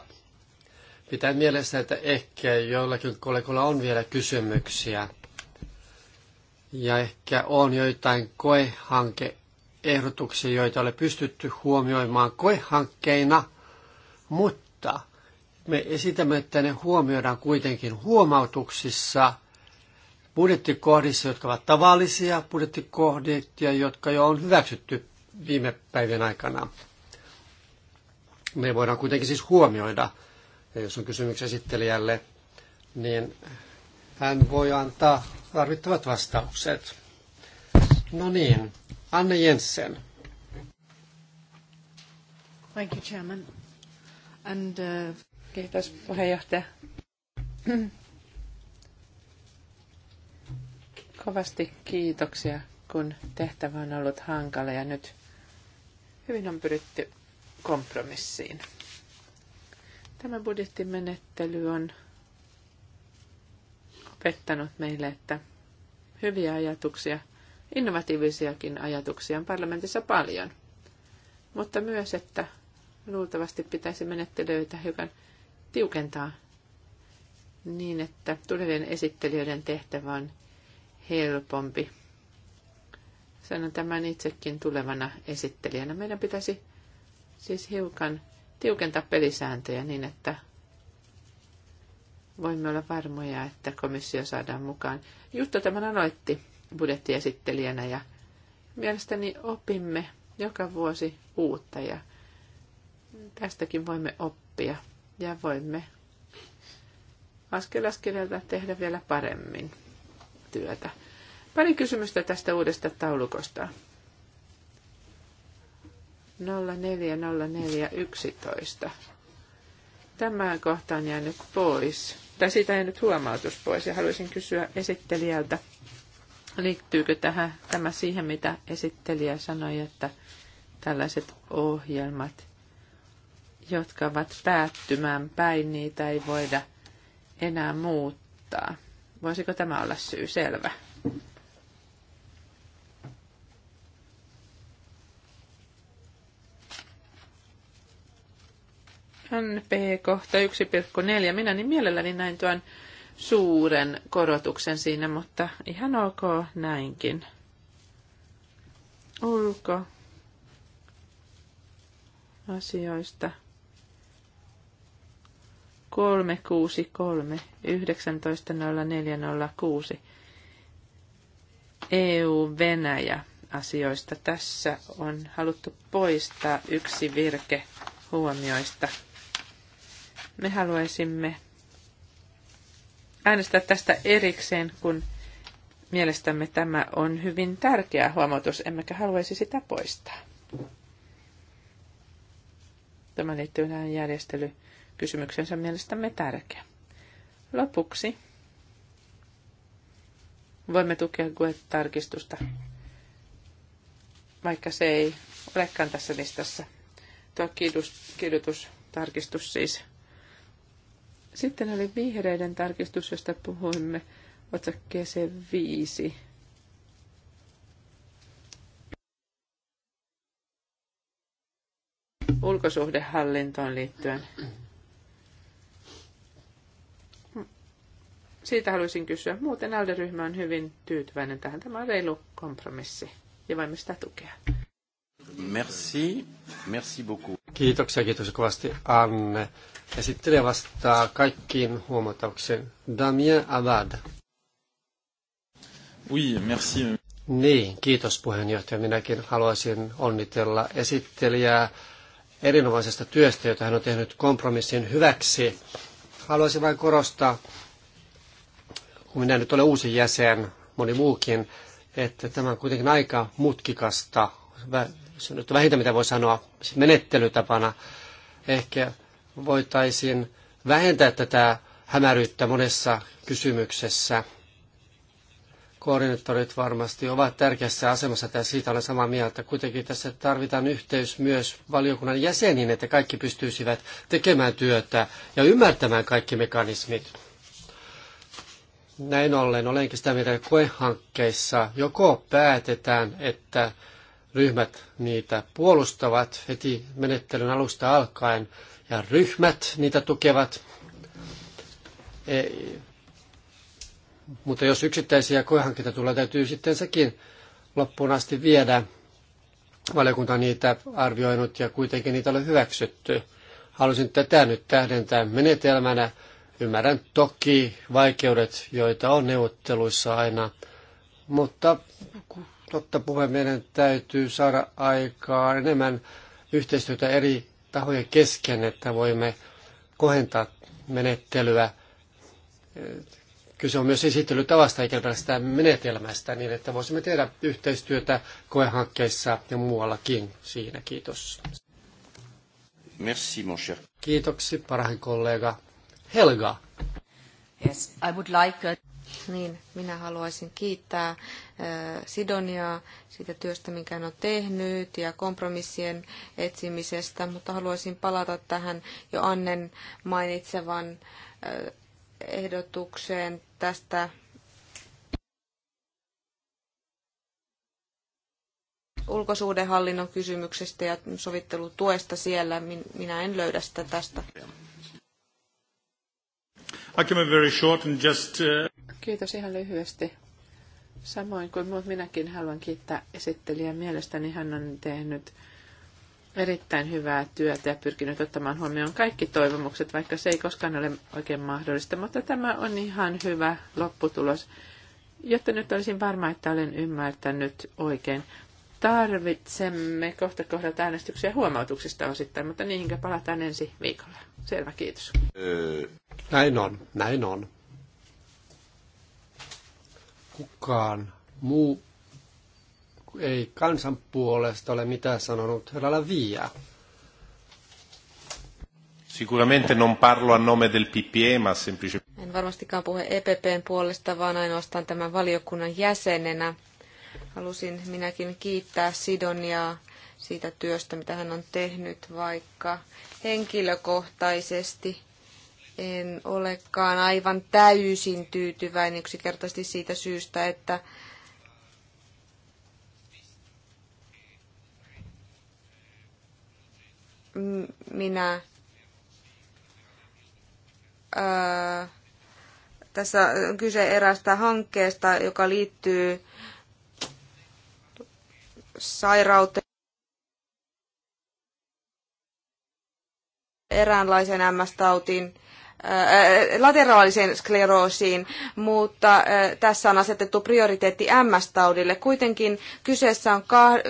Pitää mielessä, että ehkä joillakin kollegoilla on vielä kysymyksiä. Ja ehkä on joitain koehankeehdotuksia, joita ole pystytty huomioimaan koehankkeina, mutta me esitämme, että ne huomioidaan kuitenkin huomautuksissa budjettikohdissa, jotka ovat tavallisia ja jotka jo on hyväksytty viime päivien aikana. Me voidaan kuitenkin siis huomioida. Ja jos on kysymys esittelijälle, niin hän voi antaa tarvittavat vastaukset. No niin, Anne Jensen. Thank you, Chairman. And, uh... Kiitos puheenjohtaja. Kovasti kiitoksia, kun tehtävä on ollut hankala ja nyt hyvin on pyritty kompromissiin. Tämä budjettimenettely on opettanut meille, että hyviä ajatuksia, innovatiivisiakin ajatuksia on parlamentissa paljon, mutta myös, että luultavasti pitäisi menettelyitä hiukan tiukentaa niin, että tulevien esittelijöiden tehtävä on helpompi. Sanon tämän itsekin tulevana esittelijänä. Meidän pitäisi siis hiukan tiukentaa pelisääntöjä niin, että voimme olla varmoja, että komissio saadaan mukaan. Jutta tämän aloitti budjettiesittelijänä ja mielestäni opimme joka vuosi uutta ja tästäkin voimme oppia ja voimme askel askeleelta tehdä vielä paremmin työtä. Pari kysymystä tästä uudesta taulukosta. 040411. Tämä kohta on jäänyt pois, tai siitä ei nyt huomautus pois, ja haluaisin kysyä esittelijältä, liittyykö tähän, tämä siihen, mitä esittelijä sanoi, että tällaiset ohjelmat – jotka ovat päättymään päin, niitä ei voida enää muuttaa. Voisiko tämä olla syy selvä? NP-kohta 1,4. Minä niin mielelläni näin tuon suuren korotuksen siinä, mutta ihan ok näinkin. Ulko asioista. 363 19.04.06 EU-Venäjä asioista. Tässä on haluttu poistaa yksi virke huomioista. Me haluaisimme äänestää tästä erikseen, kun mielestämme tämä on hyvin tärkeä huomautus, emmekä haluaisi sitä poistaa. Tämä liittyy tähän järjestelyyn kysymyksensä mielestämme tärkeä. Lopuksi voimme tukea guet tarkistusta vaikka se ei olekaan tässä listassa. Tuo kiidus, kiidutustarkistus siis. Sitten oli vihreiden tarkistus, josta puhuimme otsakkeeseen viisi. ulkosuhdehallintoon liittyen. Siitä haluaisin kysyä. Muuten ALDE-ryhmä on hyvin tyytyväinen tähän. Tämä on reilu kompromissi ja voimme sitä tukea. Merci. Merci beaucoup. Kiitoksia, kiitos kovasti Anne. Esittelijä vastaa kaikkiin huomautuksiin. Damien Abad. Oui, merci. Niin, kiitos puheenjohtaja. Minäkin haluaisin onnitella esittelijää erinomaisesta työstä, jota hän on tehnyt kompromissin hyväksi. Haluaisin vain korostaa, kun minä nyt olen uusi jäsen, moni muukin, että tämä on kuitenkin aika mutkikasta. Se on nyt vähintä, mitä voi sanoa siis menettelytapana. Ehkä voitaisiin vähentää tätä hämäryyttä monessa kysymyksessä. Koordinaattorit varmasti ovat tärkeässä asemassa, ja siitä olen samaa mieltä. Kuitenkin tässä tarvitaan yhteys myös valiokunnan jäseniin, että kaikki pystyisivät tekemään työtä ja ymmärtämään kaikki mekanismit näin ollen olenkin sitä mieltä, että koehankkeissa joko päätetään, että ryhmät niitä puolustavat heti menettelyn alusta alkaen ja ryhmät niitä tukevat. Ei. Mutta jos yksittäisiä koehankkeita tulee, täytyy sitten sekin loppuun asti viedä. Valiokunta niitä arvioinut ja kuitenkin niitä on hyväksytty. Halusin tätä nyt tähdentää menetelmänä Ymmärrän toki vaikeudet, joita on neuvotteluissa aina, mutta totta puheen meidän täytyy saada aikaan enemmän yhteistyötä eri tahojen kesken, että voimme kohentaa menettelyä. Kyse on myös esittelytavasta eikä pelkästään menetelmästä, niin että voisimme tehdä yhteistyötä koehankkeissa ja muuallakin siinä. Kiitos. Merci, mon cher. Kiitoksi, parhaan kollega. Helga. Yes, I would like a... Niin, minä haluaisin kiittää Sidoniaa siitä työstä, minkä hän on tehnyt ja kompromissien etsimisestä, mutta haluaisin palata tähän jo Annen mainitsevan ehdotukseen tästä ulkosuhdehallinnon kysymyksestä ja sovittelutuesta siellä. Minä en löydä sitä tästä. Uh, Kiitos ihan lyhyesti. Samoin kuin muut, minäkin haluan kiittää esittelijää. Mielestäni hän on tehnyt erittäin hyvää työtä ja pyrkinyt ottamaan huomioon kaikki toivomukset, vaikka se ei koskaan ole oikein mahdollista. Mutta tämä on ihan hyvä lopputulos. Jotta nyt olisin varma, että olen ymmärtänyt oikein. Tarvitsemme kohta kohdalta äänestyksiä huomautuksista osittain, mutta niihinkä palataan ensi viikolla. Selvä, kiitos. Näin on, näin on. Kukaan muu ei kansan puolesta ole mitään sanonut herra Lavia. Sicuramente non parlo a nome del PPE, ma semplicemente... En varmastikaan puhe EPPn puolesta, vaan ainoastaan tämän valiokunnan jäsenenä. Halusin minäkin kiittää Sidoniaa siitä työstä, mitä hän on tehnyt, vaikka henkilökohtaisesti en olekaan aivan täysin tyytyväinen yksinkertaisesti siitä syystä, että minä ää, tässä on kyse erästä hankkeesta, joka liittyy sairauteen. eräänlaisen MS-tautiin, äh, lateraalisen skleroosiin, mutta äh, tässä on asetettu prioriteetti MS-taudille. Kuitenkin kyseessä on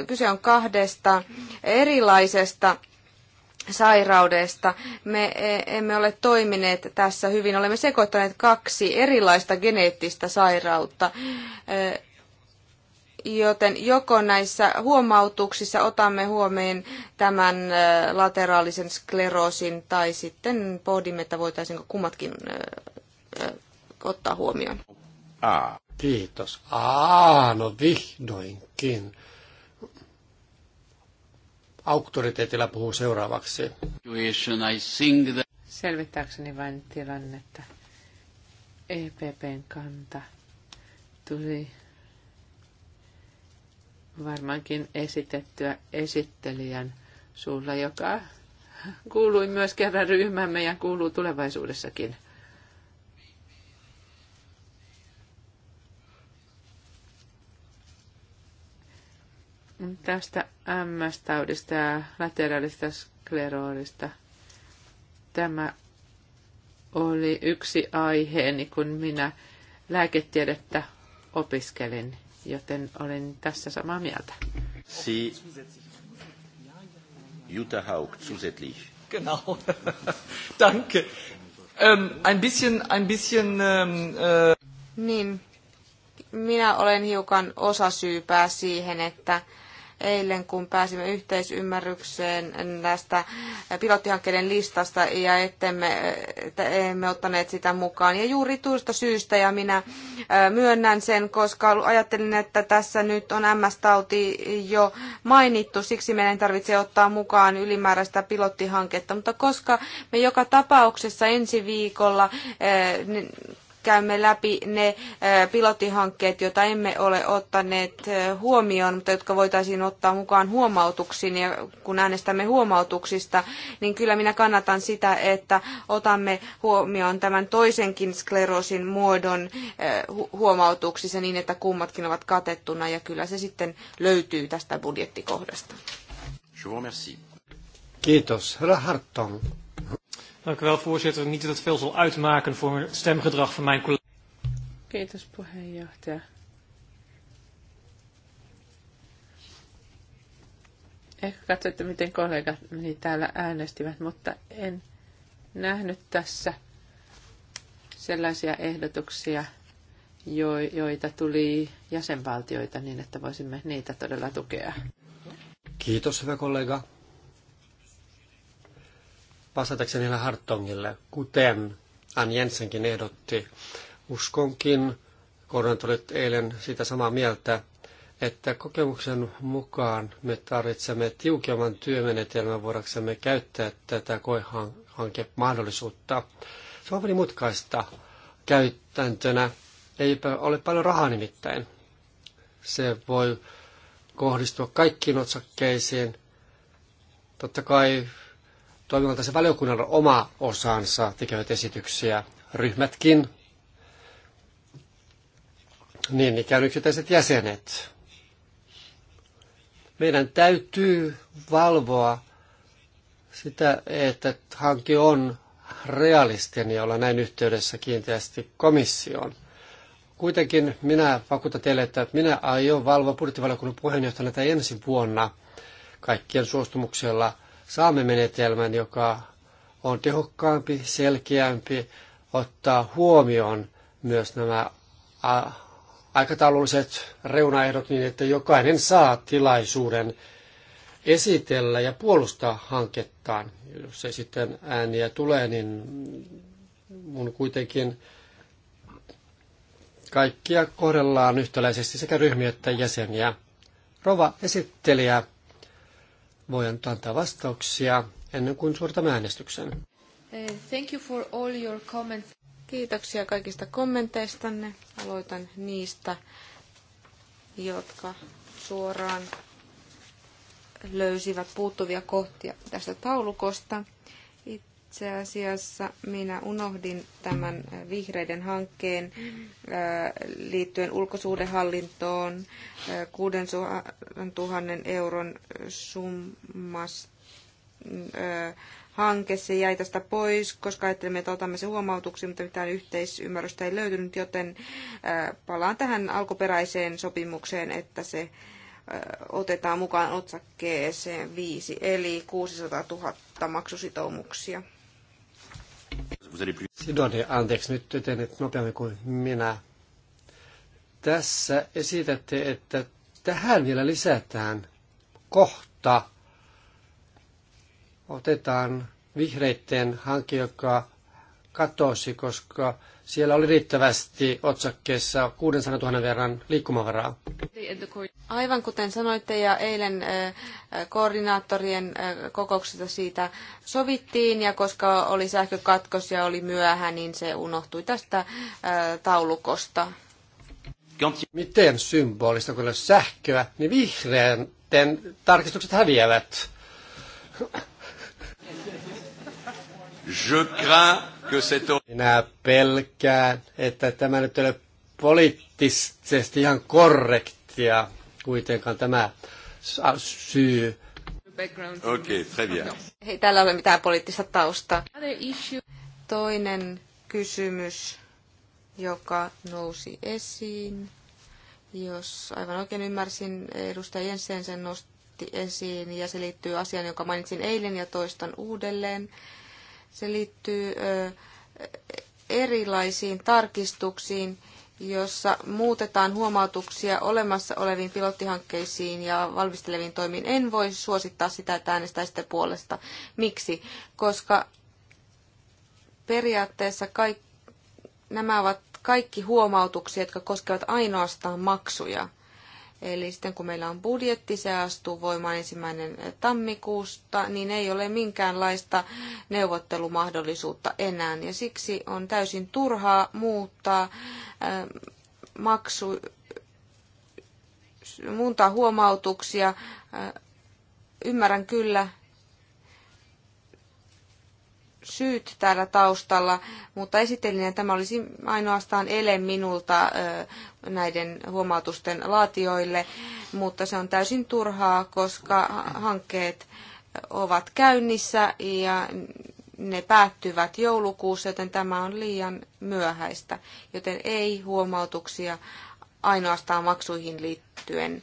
kyse on kahdesta erilaisesta sairaudesta. Me e, emme ole toimineet tässä hyvin. Olemme sekoittaneet kaksi erilaista geneettistä sairautta. Äh, Joten joko näissä huomautuksissa otamme huomioon tämän lateraalisen skleroosin tai sitten pohdimme, että voitaisiinko kummatkin ottaa huomioon. Aa, kiitos. Aa, no vihdoinkin. Auktoriteetilla puhuu seuraavaksi. Selvittääkseni vain tilannetta. EPPn kanta tuli varmaankin esitettyä esittelijän suulla, joka kuului myös kerran ryhmämme ja kuuluu tulevaisuudessakin. Tästä MS-taudista ja lateraalista skleroolista. Tämä oli yksi aiheeni, kun minä lääketiedettä opiskelin joten olen tässä samaa mieltä. Si Jutta Haug zusätzlich. Genau. Danke. Ähm, ein bisschen, ein bisschen, ähm, äh... Niin, minä olen hiukan osasyypää siihen, että eilen, kun pääsimme yhteisymmärrykseen tästä pilottihankkeiden listasta ja ettemme, että emme ottaneet sitä mukaan. Ja juuri tuosta syystä, ja minä myönnän sen, koska ajattelin, että tässä nyt on MS-tauti jo mainittu, siksi meidän tarvitsee ottaa mukaan ylimääräistä pilottihanketta, mutta koska me joka tapauksessa ensi viikolla käymme läpi ne äh, pilottihankkeet, joita emme ole ottaneet äh, huomioon, mutta jotka voitaisiin ottaa mukaan huomautuksiin. Ja kun äänestämme huomautuksista, niin kyllä minä kannatan sitä, että otamme huomioon tämän toisenkin skleroosin muodon äh, huomautuksissa niin, että kummatkin ovat katettuna. Ja kyllä se sitten löytyy tästä budjettikohdasta. Kiitos. Herra Dank u wel, voorzitter. Niet dat het veel zal uitmaken voor het stemgedrag van mijn collega. Kiitos puheenjohtaja. Ehkä katsoitte, miten kollegat niin täällä äänestivät, mutta en nähnyt tässä sellaisia ehdotuksia, jo, joita tuli jäsenvaltioita niin, että voisimme niitä todella tukea. Kiitos, hyvä kollega vastatakseni Hartongille, kuten Ann Jensenkin ehdotti. Uskonkin, koronat olit eilen sitä samaa mieltä, että kokemuksen mukaan me tarvitsemme tiukemman työmenetelmän voidaksemme käyttää tätä koehankemahdollisuutta. Se on hyvin mutkaista käytäntönä. Ei ole paljon rahaa nimittäin. Se voi kohdistua kaikkiin otsakkeisiin. Totta kai toimivaltaisen valiokunnan oma osansa tekevät esityksiä, ryhmätkin, niin ikään yksittäiset jäsenet. Meidän täytyy valvoa sitä, että hanki on realistinen ja olla näin yhteydessä kiinteästi komissioon. Kuitenkin minä vakuutan teille, että minä aion valvoa budjettivaliokunnan puheenjohtajana tätä ensi vuonna kaikkien suostumuksella – saamme menetelmän, joka on tehokkaampi, selkeämpi, ottaa huomioon myös nämä aikataululliset reunaehdot niin, että jokainen saa tilaisuuden esitellä ja puolustaa hankettaan. Jos ei sitten ääniä tule, niin mun kuitenkin kaikkia kohdellaan yhtäläisesti sekä ryhmiä että jäseniä. Rova esittelijä, voi antaa vastauksia ennen kuin suoritamme äänestyksen. Eh, thank you for all your comments. Kiitoksia kaikista kommenteistanne. Aloitan niistä, jotka suoraan löysivät puuttuvia kohtia tästä taulukosta. Itse asiassa minä unohdin tämän äh, vihreiden hankkeen äh, liittyen ulkosuhdehallintoon 6000 äh, euron summasta mm, hanke. Se jäi tästä pois, koska ajattelimme, että otamme se huomautuksi, mutta mitään yhteisymmärrystä ei löytynyt, joten palaan tähän alkuperäiseen sopimukseen, että se otetaan mukaan otsakkeeseen 5, eli 600 000 maksusitoumuksia. Sidoni, anteeksi, nyt nyt nopeammin kuin minä. Tässä esitätte, että tähän vielä lisätään kohta. Otetaan vihreitten hanke, joka katosi, koska siellä oli riittävästi otsakkeessa 600 000 verran liikkumavaraa. Aivan kuten sanoitte ja eilen koordinaattorien kokouksesta siitä sovittiin ja koska oli sähkökatkos ja oli myöhä, niin se unohtui tästä taulukosta. Miten symbolista, kun sähköä, niin vihreän tarkistukset häviävät. Je crains que cette... Minä pelkään, että tämä nyt ei ole poliittisesti ihan korrektia kuitenkaan tämä syy. Okei, okay, très bien. No. Ei täällä ole mitään poliittista taustaa. Toinen kysymys, joka nousi esiin, jos aivan oikein ymmärsin, edustaja Jensen sen nosti esiin ja se liittyy asiaan, jonka mainitsin eilen ja toistan uudelleen. Se liittyy erilaisiin tarkistuksiin, jossa muutetaan huomautuksia olemassa oleviin pilottihankkeisiin ja valmisteleviin toimiin. En voi suosittaa sitä, että äänestäisitte puolesta. Miksi? Koska periaatteessa kaikki, nämä ovat kaikki huomautuksia, jotka koskevat ainoastaan maksuja – Eli sitten kun meillä on budjetti, se astuu voimaan ensimmäinen tammikuusta, niin ei ole minkäänlaista neuvottelumahdollisuutta enää. Ja siksi on täysin turhaa muuttaa ähm, maksu, muuntaa huomautuksia. Äh, ymmärrän kyllä syyt täällä taustalla, mutta esitellinen tämä olisi ainoastaan ele minulta näiden huomautusten laatioille, mutta se on täysin turhaa, koska hankkeet ovat käynnissä ja ne päättyvät joulukuussa, joten tämä on liian myöhäistä, joten ei huomautuksia ainoastaan maksuihin liittyen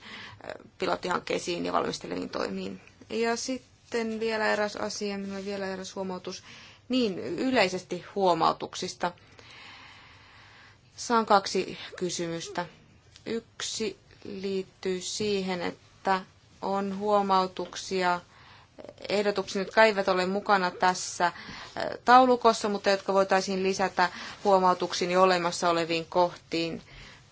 pilottihankkeisiin ja valmisteleviin toimiin. Ja sitten vielä eräs asia, vielä eräs huomautus niin yleisesti huomautuksista. Saan kaksi kysymystä. Yksi liittyy siihen, että on huomautuksia ehdotuksia, jotka eivät ole mukana tässä äh, taulukossa, mutta jotka voitaisiin lisätä huomautuksiin jo olemassa oleviin kohtiin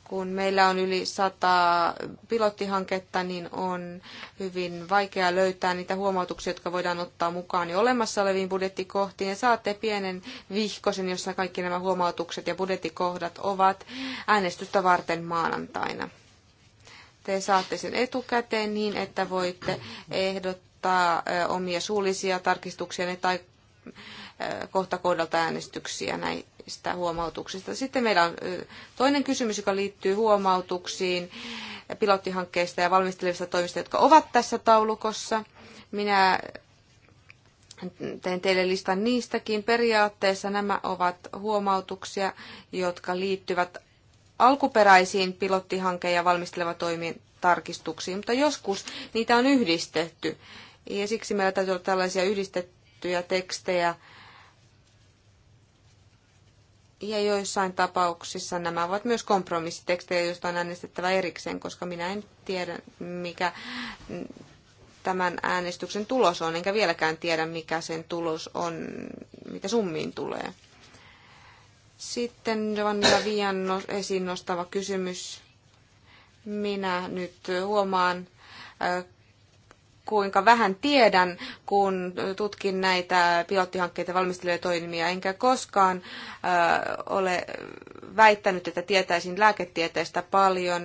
kun meillä on yli sata pilottihanketta, niin on hyvin vaikea löytää niitä huomautuksia, jotka voidaan ottaa mukaan jo olemassa oleviin budjettikohtiin. Ja saatte pienen vihkosen, jossa kaikki nämä huomautukset ja budjettikohdat ovat äänestystä varten maanantaina. Te saatte sen etukäteen niin, että voitte ehdottaa omia suullisia tarkistuksia tai kohta kohdalta äänestyksiä näistä huomautuksista. Sitten meillä on toinen kysymys, joka liittyy huomautuksiin pilottihankkeista ja valmistelevista toimista, jotka ovat tässä taulukossa. Minä tein teille listan niistäkin. Periaatteessa nämä ovat huomautuksia, jotka liittyvät alkuperäisiin pilottihanke- ja valmisteleva toimien tarkistuksiin, mutta joskus niitä on yhdistetty. Ja siksi meillä täytyy olla tällaisia yhdistettyjä tekstejä ja joissain tapauksissa nämä ovat myös kompromissitekstejä, joista on äänestettävä erikseen, koska minä en tiedä, mikä tämän äänestyksen tulos on, enkä vieläkään tiedä, mikä sen tulos on, mitä summiin tulee. Sitten Giovanni Lavian no-, esiin nostava kysymys. Minä nyt huomaan kuinka vähän tiedän, kun tutkin näitä pilottihankkeita valmistelijoiden toimia, enkä koskaan äh, ole väittänyt, että tietäisin lääketieteestä paljon.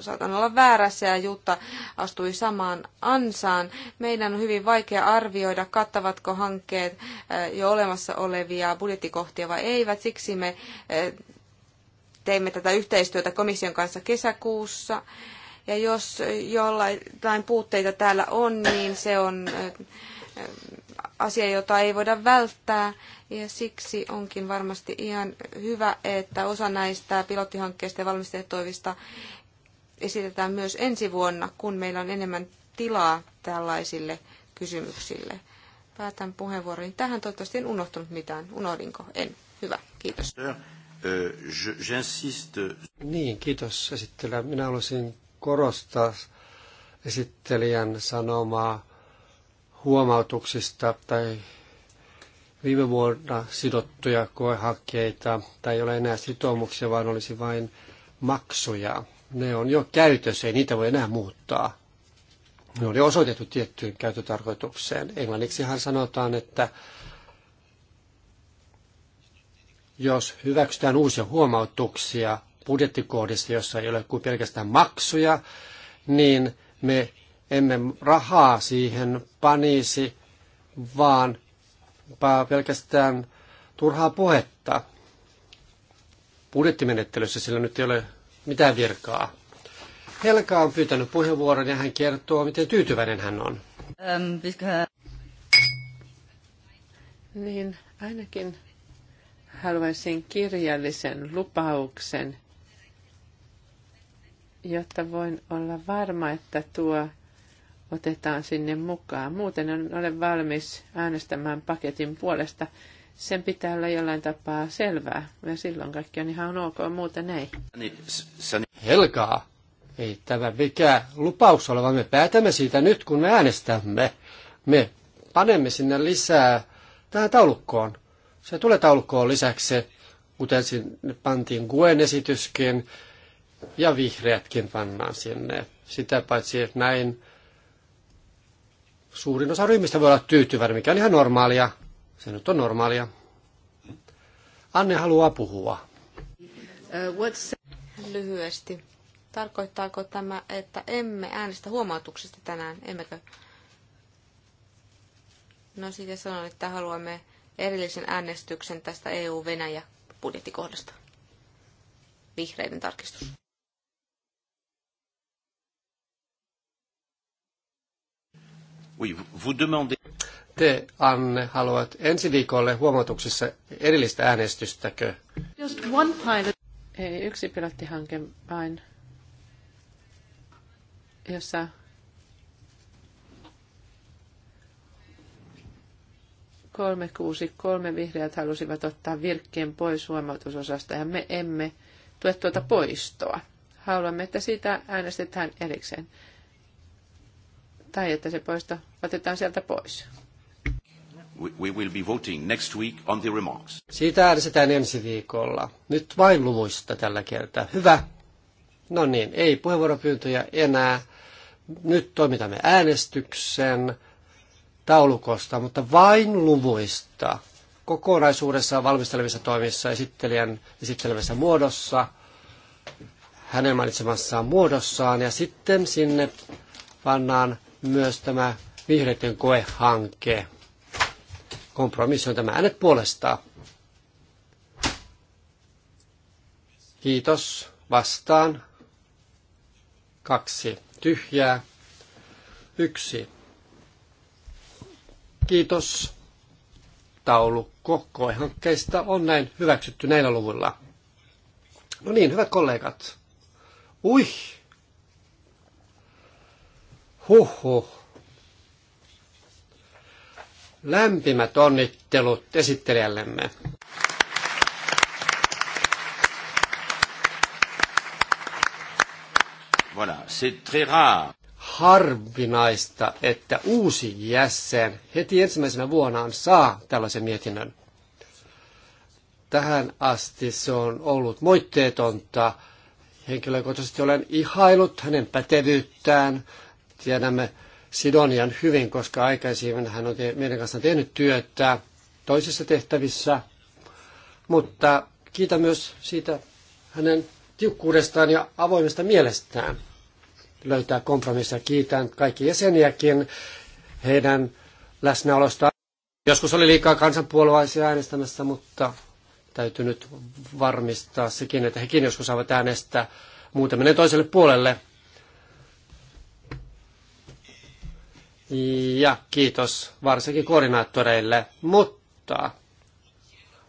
Saatan olla väärässä ja Jutta astui samaan ansaan. Meidän on hyvin vaikea arvioida, kattavatko hankkeet äh, jo olemassa olevia budjettikohtia vai eivät. Siksi me äh, teimme tätä yhteistyötä komission kanssa kesäkuussa ja jos jollain puutteita täällä on, niin se on asia, jota ei voida välttää. Ja siksi onkin varmasti ihan hyvä, että osa näistä pilottihankkeista ja valmisteltoivista esitetään myös ensi vuonna, kun meillä on enemmän tilaa tällaisille kysymyksille. Päätän puheenvuoroni tähän. Toivottavasti en unohtanut mitään. Unohdinko? En. Hyvä. Kiitos. Niin, kiitos esittelijä. Minä korostaa esittelijän sanomaa huomautuksista tai viime vuonna sidottuja koehakkeita tai ei ole enää sitoumuksia, vaan olisi vain maksuja. Ne on jo käytössä, ei niitä voi enää muuttaa. Ne on osoitettu tiettyyn käytötarkoitukseen. Englanniksihan sanotaan, että jos hyväksytään uusia huomautuksia, budjettikohdista, jossa ei ole kuin pelkästään maksuja, niin me emme rahaa siihen panisi, vaan pelkästään turhaa puhetta budjettimenettelyssä, sillä nyt ei ole mitään virkaa. Helka on pyytänyt puheenvuoron ja hän kertoo, miten tyytyväinen hän on. because... Ähm, niin, ainakin haluaisin kirjallisen lupauksen jotta voin olla varma, että tuo otetaan sinne mukaan. Muuten en ole valmis äänestämään paketin puolesta. Sen pitää olla jollain tapaa selvää. Ja silloin kaikki on ihan ok, muuten ei. Helkaa! Ei tämä mikään lupaus ole, vaan me päätämme siitä nyt, kun me äänestämme. Me panemme sinne lisää tähän taulukkoon. Se tulee taulukkoon lisäksi, kuten sinne pantiin Guen esityskin, ja vihreätkin pannaan sinne. Sitä paitsi, että näin suurin osa ryhmistä voi olla tyytyväinen, mikä on ihan normaalia. Se nyt on normaalia. Anne haluaa puhua. Lyhyesti. Tarkoittaako tämä, että emme äänestä huomautuksesta tänään, emmekö? No siitä sanon, että haluamme erillisen äänestyksen tästä EU-Venäjä budjettikohdasta. Vihreiden tarkistus. Oui, vous demandez... Te, Anne, haluat ensi viikolle huomautuksessa erillistä äänestystäkö? Just one pilot. Ei, yksi pilottihanke vain, jossa kolme kuusi kolme vihreät halusivat ottaa virkkeen pois huomautusosasta ja me emme tue tuota poistoa. Haluamme, että siitä äänestetään erikseen tai että se poisto otetaan sieltä pois. We will be voting next week on the remarks. Siitä äänestetään ensi viikolla. Nyt vain luvuista tällä kertaa. Hyvä. No niin, ei puheenvuoropyyntöjä enää. Nyt toimitamme äänestyksen taulukosta, mutta vain luvuista. kokonaisuudessa valmistelevissa toimissa esittelijän esittelevässä muodossa, hänen mainitsemassaan muodossaan, ja sitten sinne pannaan myös tämä vihreiden koehanke. Kompromissi on tämä äänet puolesta. Kiitos. Vastaan. Kaksi. Tyhjää. Yksi. Kiitos. Taulukko koehankkeista on näin hyväksytty näillä luvuilla. No niin, hyvät kollegat. Ui, Huhhuh. Lämpimät onnittelut esittelijällemme. Voilà, c'est très rare. Harvinaista, että uusi jäsen heti ensimmäisenä vuonnaan saa tällaisen mietinnön. Tähän asti se on ollut moitteetonta. Henkilökohtaisesti olen ihailut hänen pätevyyttään, Tiedämme Sidonian hyvin, koska aikaisemmin hän on meidän kanssa tehnyt työtä toisissa tehtävissä, mutta kiitän myös siitä hänen tiukkuudestaan ja avoimesta mielestään löytää kompromissia. Kiitän kaikki jäseniäkin heidän läsnäolostaan. Joskus oli liikaa kansanpuolueisia äänestämässä, mutta täytyy nyt varmistaa sekin, että hekin joskus saavat äänestää. muutaminen toiselle puolelle. Ja kiitos varsinkin koordinaattoreille, mutta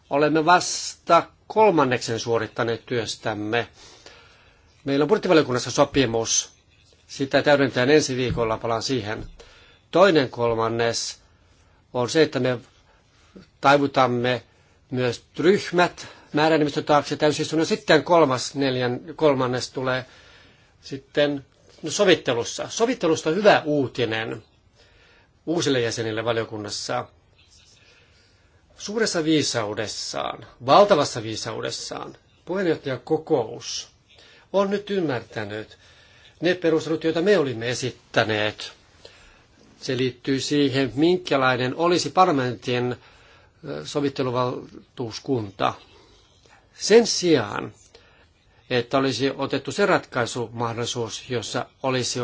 olemme vasta kolmanneksen suorittaneet työstämme. Meillä on budjettivaliokunnassa sopimus. Sitä täydentään ensi viikolla, palaan siihen. Toinen kolmannes on se, että me taivutamme myös ryhmät määräenemmistön taakse täysistunnon. Sitten kolmas, neljän, kolmannes tulee sitten no, sovittelussa. Sovittelusta hyvä uutinen uusille jäsenille valiokunnassa suuressa viisaudessaan, valtavassa viisaudessaan, puheenjohtajakokous on nyt ymmärtänyt ne perustelut, joita me olimme esittäneet. Se liittyy siihen, minkälainen olisi parlamentin sovitteluvaltuuskunta. Sen sijaan, että olisi otettu se ratkaisumahdollisuus, jossa olisi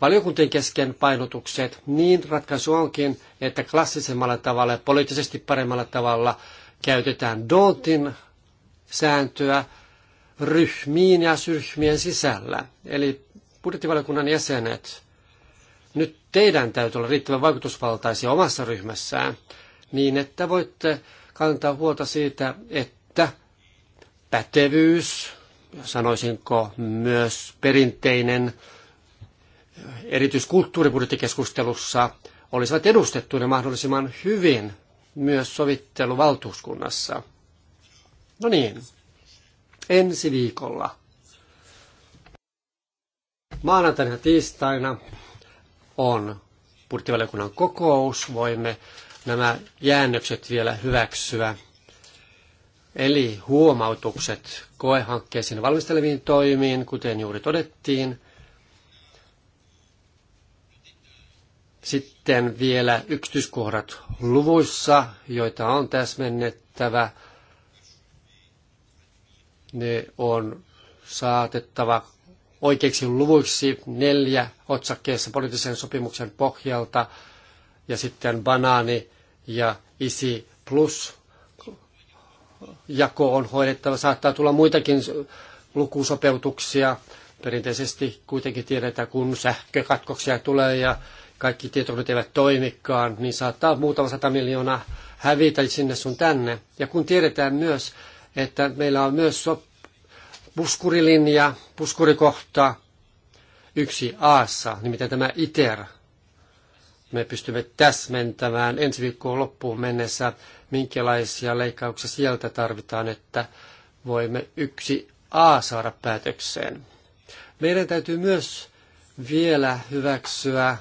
valiokuntien kesken painotukset, niin ratkaisu onkin, että klassisemmalla tavalla ja poliittisesti paremmalla tavalla käytetään Daltin sääntöä ryhmiin ja ryhmien sisällä. Eli budjettivaliokunnan jäsenet, nyt teidän täytyy olla riittävän vaikutusvaltaisia omassa ryhmässään, niin että voitte kantaa huolta siitä, että pätevyys, sanoisinko myös perinteinen erityiskulttuuribudjettikeskustelussa olisivat edustettuina mahdollisimman hyvin myös sovitteluvaltuuskunnassa. No niin, ensi viikolla. Maanantaina ja tiistaina on budjettivaliokunnan kokous. Voimme nämä jäännökset vielä hyväksyä. Eli huomautukset koehankkeisiin valmisteleviin toimiin, kuten juuri todettiin, Sitten vielä yksityiskohdat luvuissa, joita on täsmennettävä. Ne on saatettava oikeiksi luvuiksi neljä otsakkeessa poliittisen sopimuksen pohjalta ja sitten banaani ja isi plus jako on hoidettava. Saattaa tulla muitakin lukusopeutuksia. Perinteisesti kuitenkin tiedetään, kun sähkökatkoksia tulee ja kaikki tietokoneet eivät toimikaan, niin saattaa muutama sata miljoonaa hävitä sinne sun tänne. Ja kun tiedetään myös, että meillä on myös puskurilinja, puskurikohta yksi Aassa, nimittäin tämä ITER. Me pystymme täsmentämään ensi viikkoon loppuun mennessä, minkälaisia leikkauksia sieltä tarvitaan, että voimme yksi A saada päätökseen. Meidän täytyy myös vielä hyväksyä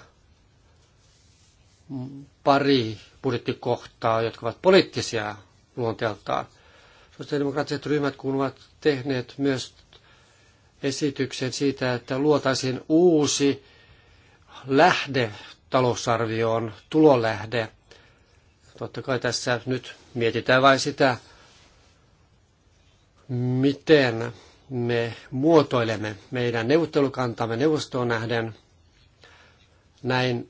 pari budjettikohtaa, jotka ovat poliittisia luonteeltaan. Sosiaalidemokraattiset ryhmät kuuluvat tehneet myös esityksen siitä, että luotaisiin uusi lähde talousarvioon, tulolähde. Totta kai tässä nyt mietitään vain sitä, miten me muotoilemme meidän neuvottelukantamme neuvostoon nähden. Näin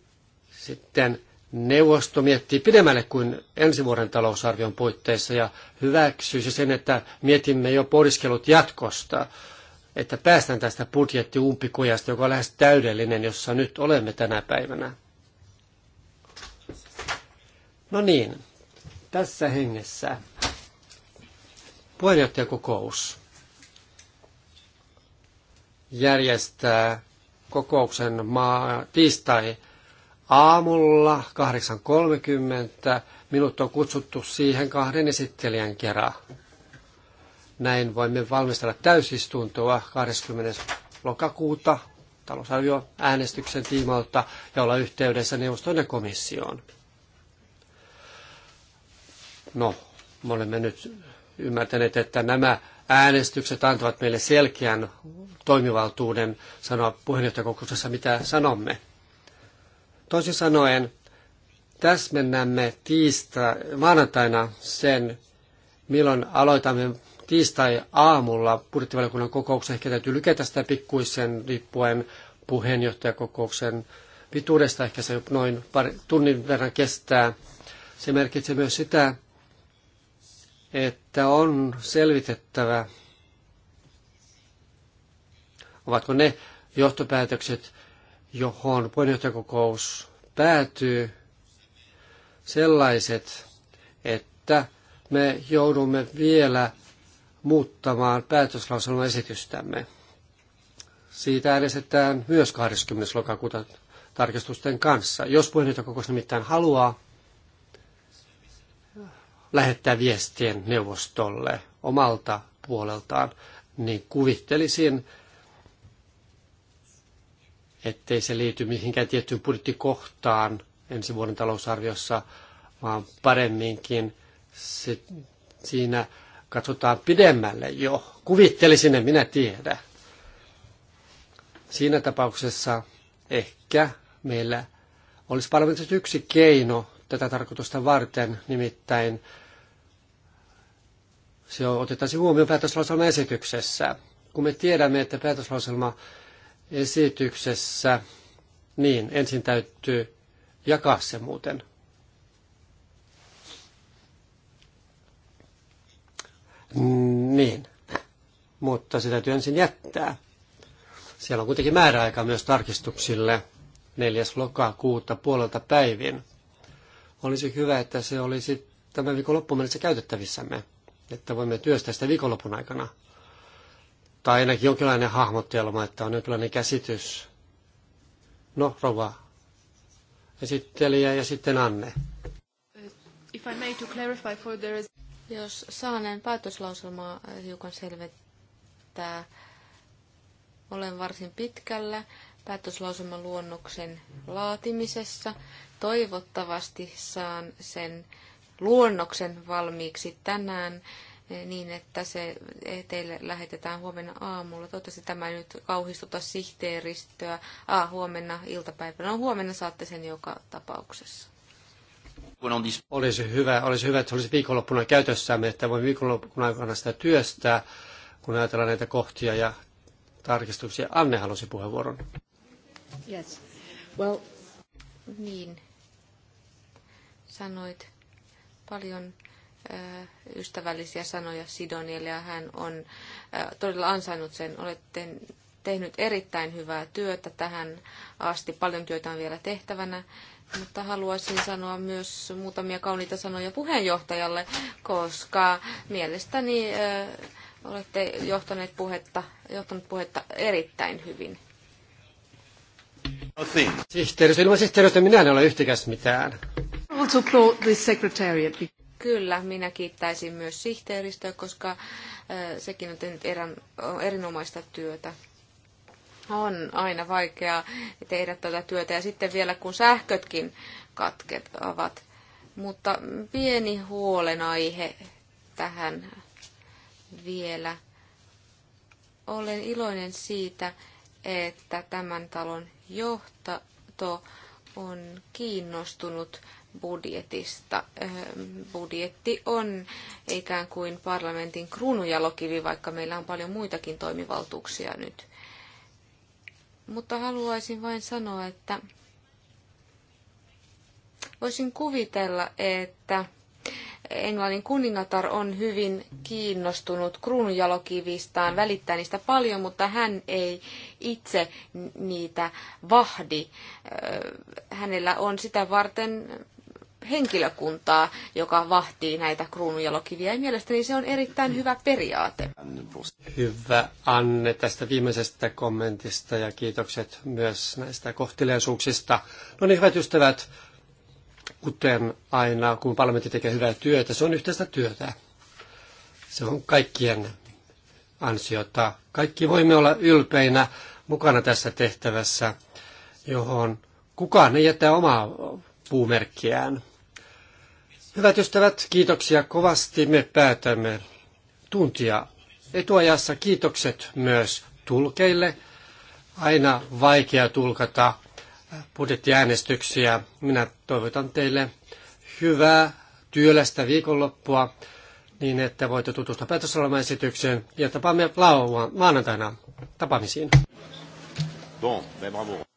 sitten neuvosto miettii pidemmälle kuin ensi vuoden talousarvion puitteissa ja hyväksyisi sen, että mietimme jo pohdiskelut jatkosta, että päästään tästä budjettiumpikujasta, joka on lähes täydellinen, jossa nyt olemme tänä päivänä. No niin, tässä hengessä puheenjohtajakokous järjestää kokouksen maa, tiistai aamulla 8.30. Minut on kutsuttu siihen kahden esittelijän kerran. Näin voimme valmistella täysistuntoa 20. lokakuuta talousarvio äänestyksen tiimoilta ja olla yhteydessä neuvoston ja komissioon. No, me olemme nyt ymmärtäneet, että nämä äänestykset antavat meille selkeän toimivaltuuden sanoa puheenjohtajakokouksessa, mitä sanomme. Toisin sanoen, täsmennämme tiistai, maanantaina sen, milloin aloitamme tiistai-aamulla budjettivaliokunnan kokouksen. Ehkä täytyy lykätä sitä pikkuisen riippuen puheenjohtajakokouksen pituudesta. Ehkä se noin pari, tunnin verran kestää. Se merkitsee myös sitä, että on selvitettävä, ovatko ne johtopäätökset, johon puheenjohtajakokous päätyy, sellaiset, että me joudumme vielä muuttamaan esitystämme. Siitä äänestetään myös 20. lokakuuta tarkistusten kanssa. Jos puheenjohtajakokous nimittäin haluaa lähettää viestien neuvostolle omalta puoleltaan, niin kuvittelisin, ettei se liity mihinkään tiettyyn budjettikohtaan ensi vuoden talousarviossa, vaan paremminkin se, siinä katsotaan pidemmälle jo. Kuvittelisin, en minä tiedä. Siinä tapauksessa ehkä meillä olisi parlamentissa yksi keino tätä tarkoitusta varten, nimittäin se otettaisiin huomioon päätöslauselman esityksessä. Kun me tiedämme, että päätöslauselma esityksessä, niin ensin täytyy jakaa se muuten. Niin, mutta se täytyy ensin jättää. Siellä on kuitenkin määräaika myös tarkistuksille 4. lokakuuta puolelta päivin. Olisi hyvä, että se olisi tämän viikon loppuun mennessä käytettävissämme, että voimme työstää sitä viikonlopun aikana tai ainakin jonkinlainen hahmottelma, että on jonkinlainen käsitys. No, rova esittelijä ja sitten Anne. If I may to clarify for the... Jos saanen päätöslauselmaa äh, hiukan selvettää, olen varsin pitkällä päätöslauselman luonnoksen laatimisessa. Toivottavasti saan sen luonnoksen valmiiksi tänään niin, että se eh, teille lähetetään huomenna aamulla. Toivottavasti tämä ei nyt kauhistuta sihteeristöä. Ah, huomenna iltapäivänä. No huomenna saatte sen joka tapauksessa. Olisi hyvä, olisi hyvä, että se olisi viikonloppuna käytössämme, että voi viikonloppuna aikana sitä työstää, kun ajatellaan näitä kohtia ja tarkistuksia. Anne halusi puheenvuoron. Yes. Well. Niin. Sanoit paljon ystävällisiä sanoja Sidonille ja hän on todella ansainnut sen. Olette tehnyt erittäin hyvää työtä tähän asti. Paljon työtä on vielä tehtävänä, mutta haluaisin sanoa myös muutamia kauniita sanoja puheenjohtajalle, koska mielestäni olette johtaneet puhetta, johtanut puhetta erittäin hyvin. Sihteeristö, ilman sihteeristö minä en ole yhtäkäs mitään. applaud the secretariat kyllä, minä kiittäisin myös sihteeristöä, koska äh, sekin on tehnyt erän, erinomaista työtä. On aina vaikeaa tehdä tätä työtä ja sitten vielä kun sähkötkin katketavat Mutta pieni huolenaihe tähän vielä. Olen iloinen siitä, että tämän talon johto on kiinnostunut budjetista. Budjetti on ikään kuin parlamentin kruununjalokivi, vaikka meillä on paljon muitakin toimivaltuuksia nyt. Mutta haluaisin vain sanoa, että voisin kuvitella, että Englannin kuningatar on hyvin kiinnostunut kruununjalokivistaan, välittää niistä paljon, mutta hän ei itse niitä vahdi. Hänellä on sitä varten henkilökuntaa, joka vahtii näitä kruununjalokiviä. Ja mielestäni se on erittäin hyvä periaate. Hyvä Anne tästä viimeisestä kommentista ja kiitokset myös näistä kohteliaisuuksista. No niin, hyvät ystävät, kuten aina, kun parlamentti tekee hyvää työtä, se on yhteistä työtä. Se on kaikkien ansiota. Kaikki voimme olla ylpeinä mukana tässä tehtävässä, johon kukaan ei jätä omaa puumerkkiään. Hyvät ystävät, kiitoksia kovasti. Me päätämme tuntia etuajassa. Kiitokset myös tulkeille. Aina vaikea tulkata budjettiäänestyksiä. Minä toivotan teille hyvää työlästä viikonloppua niin, että voitte tutustua esitykseen ja tapaamme lauantaina maanantaina tapaamisiin. Bon, ben bravo.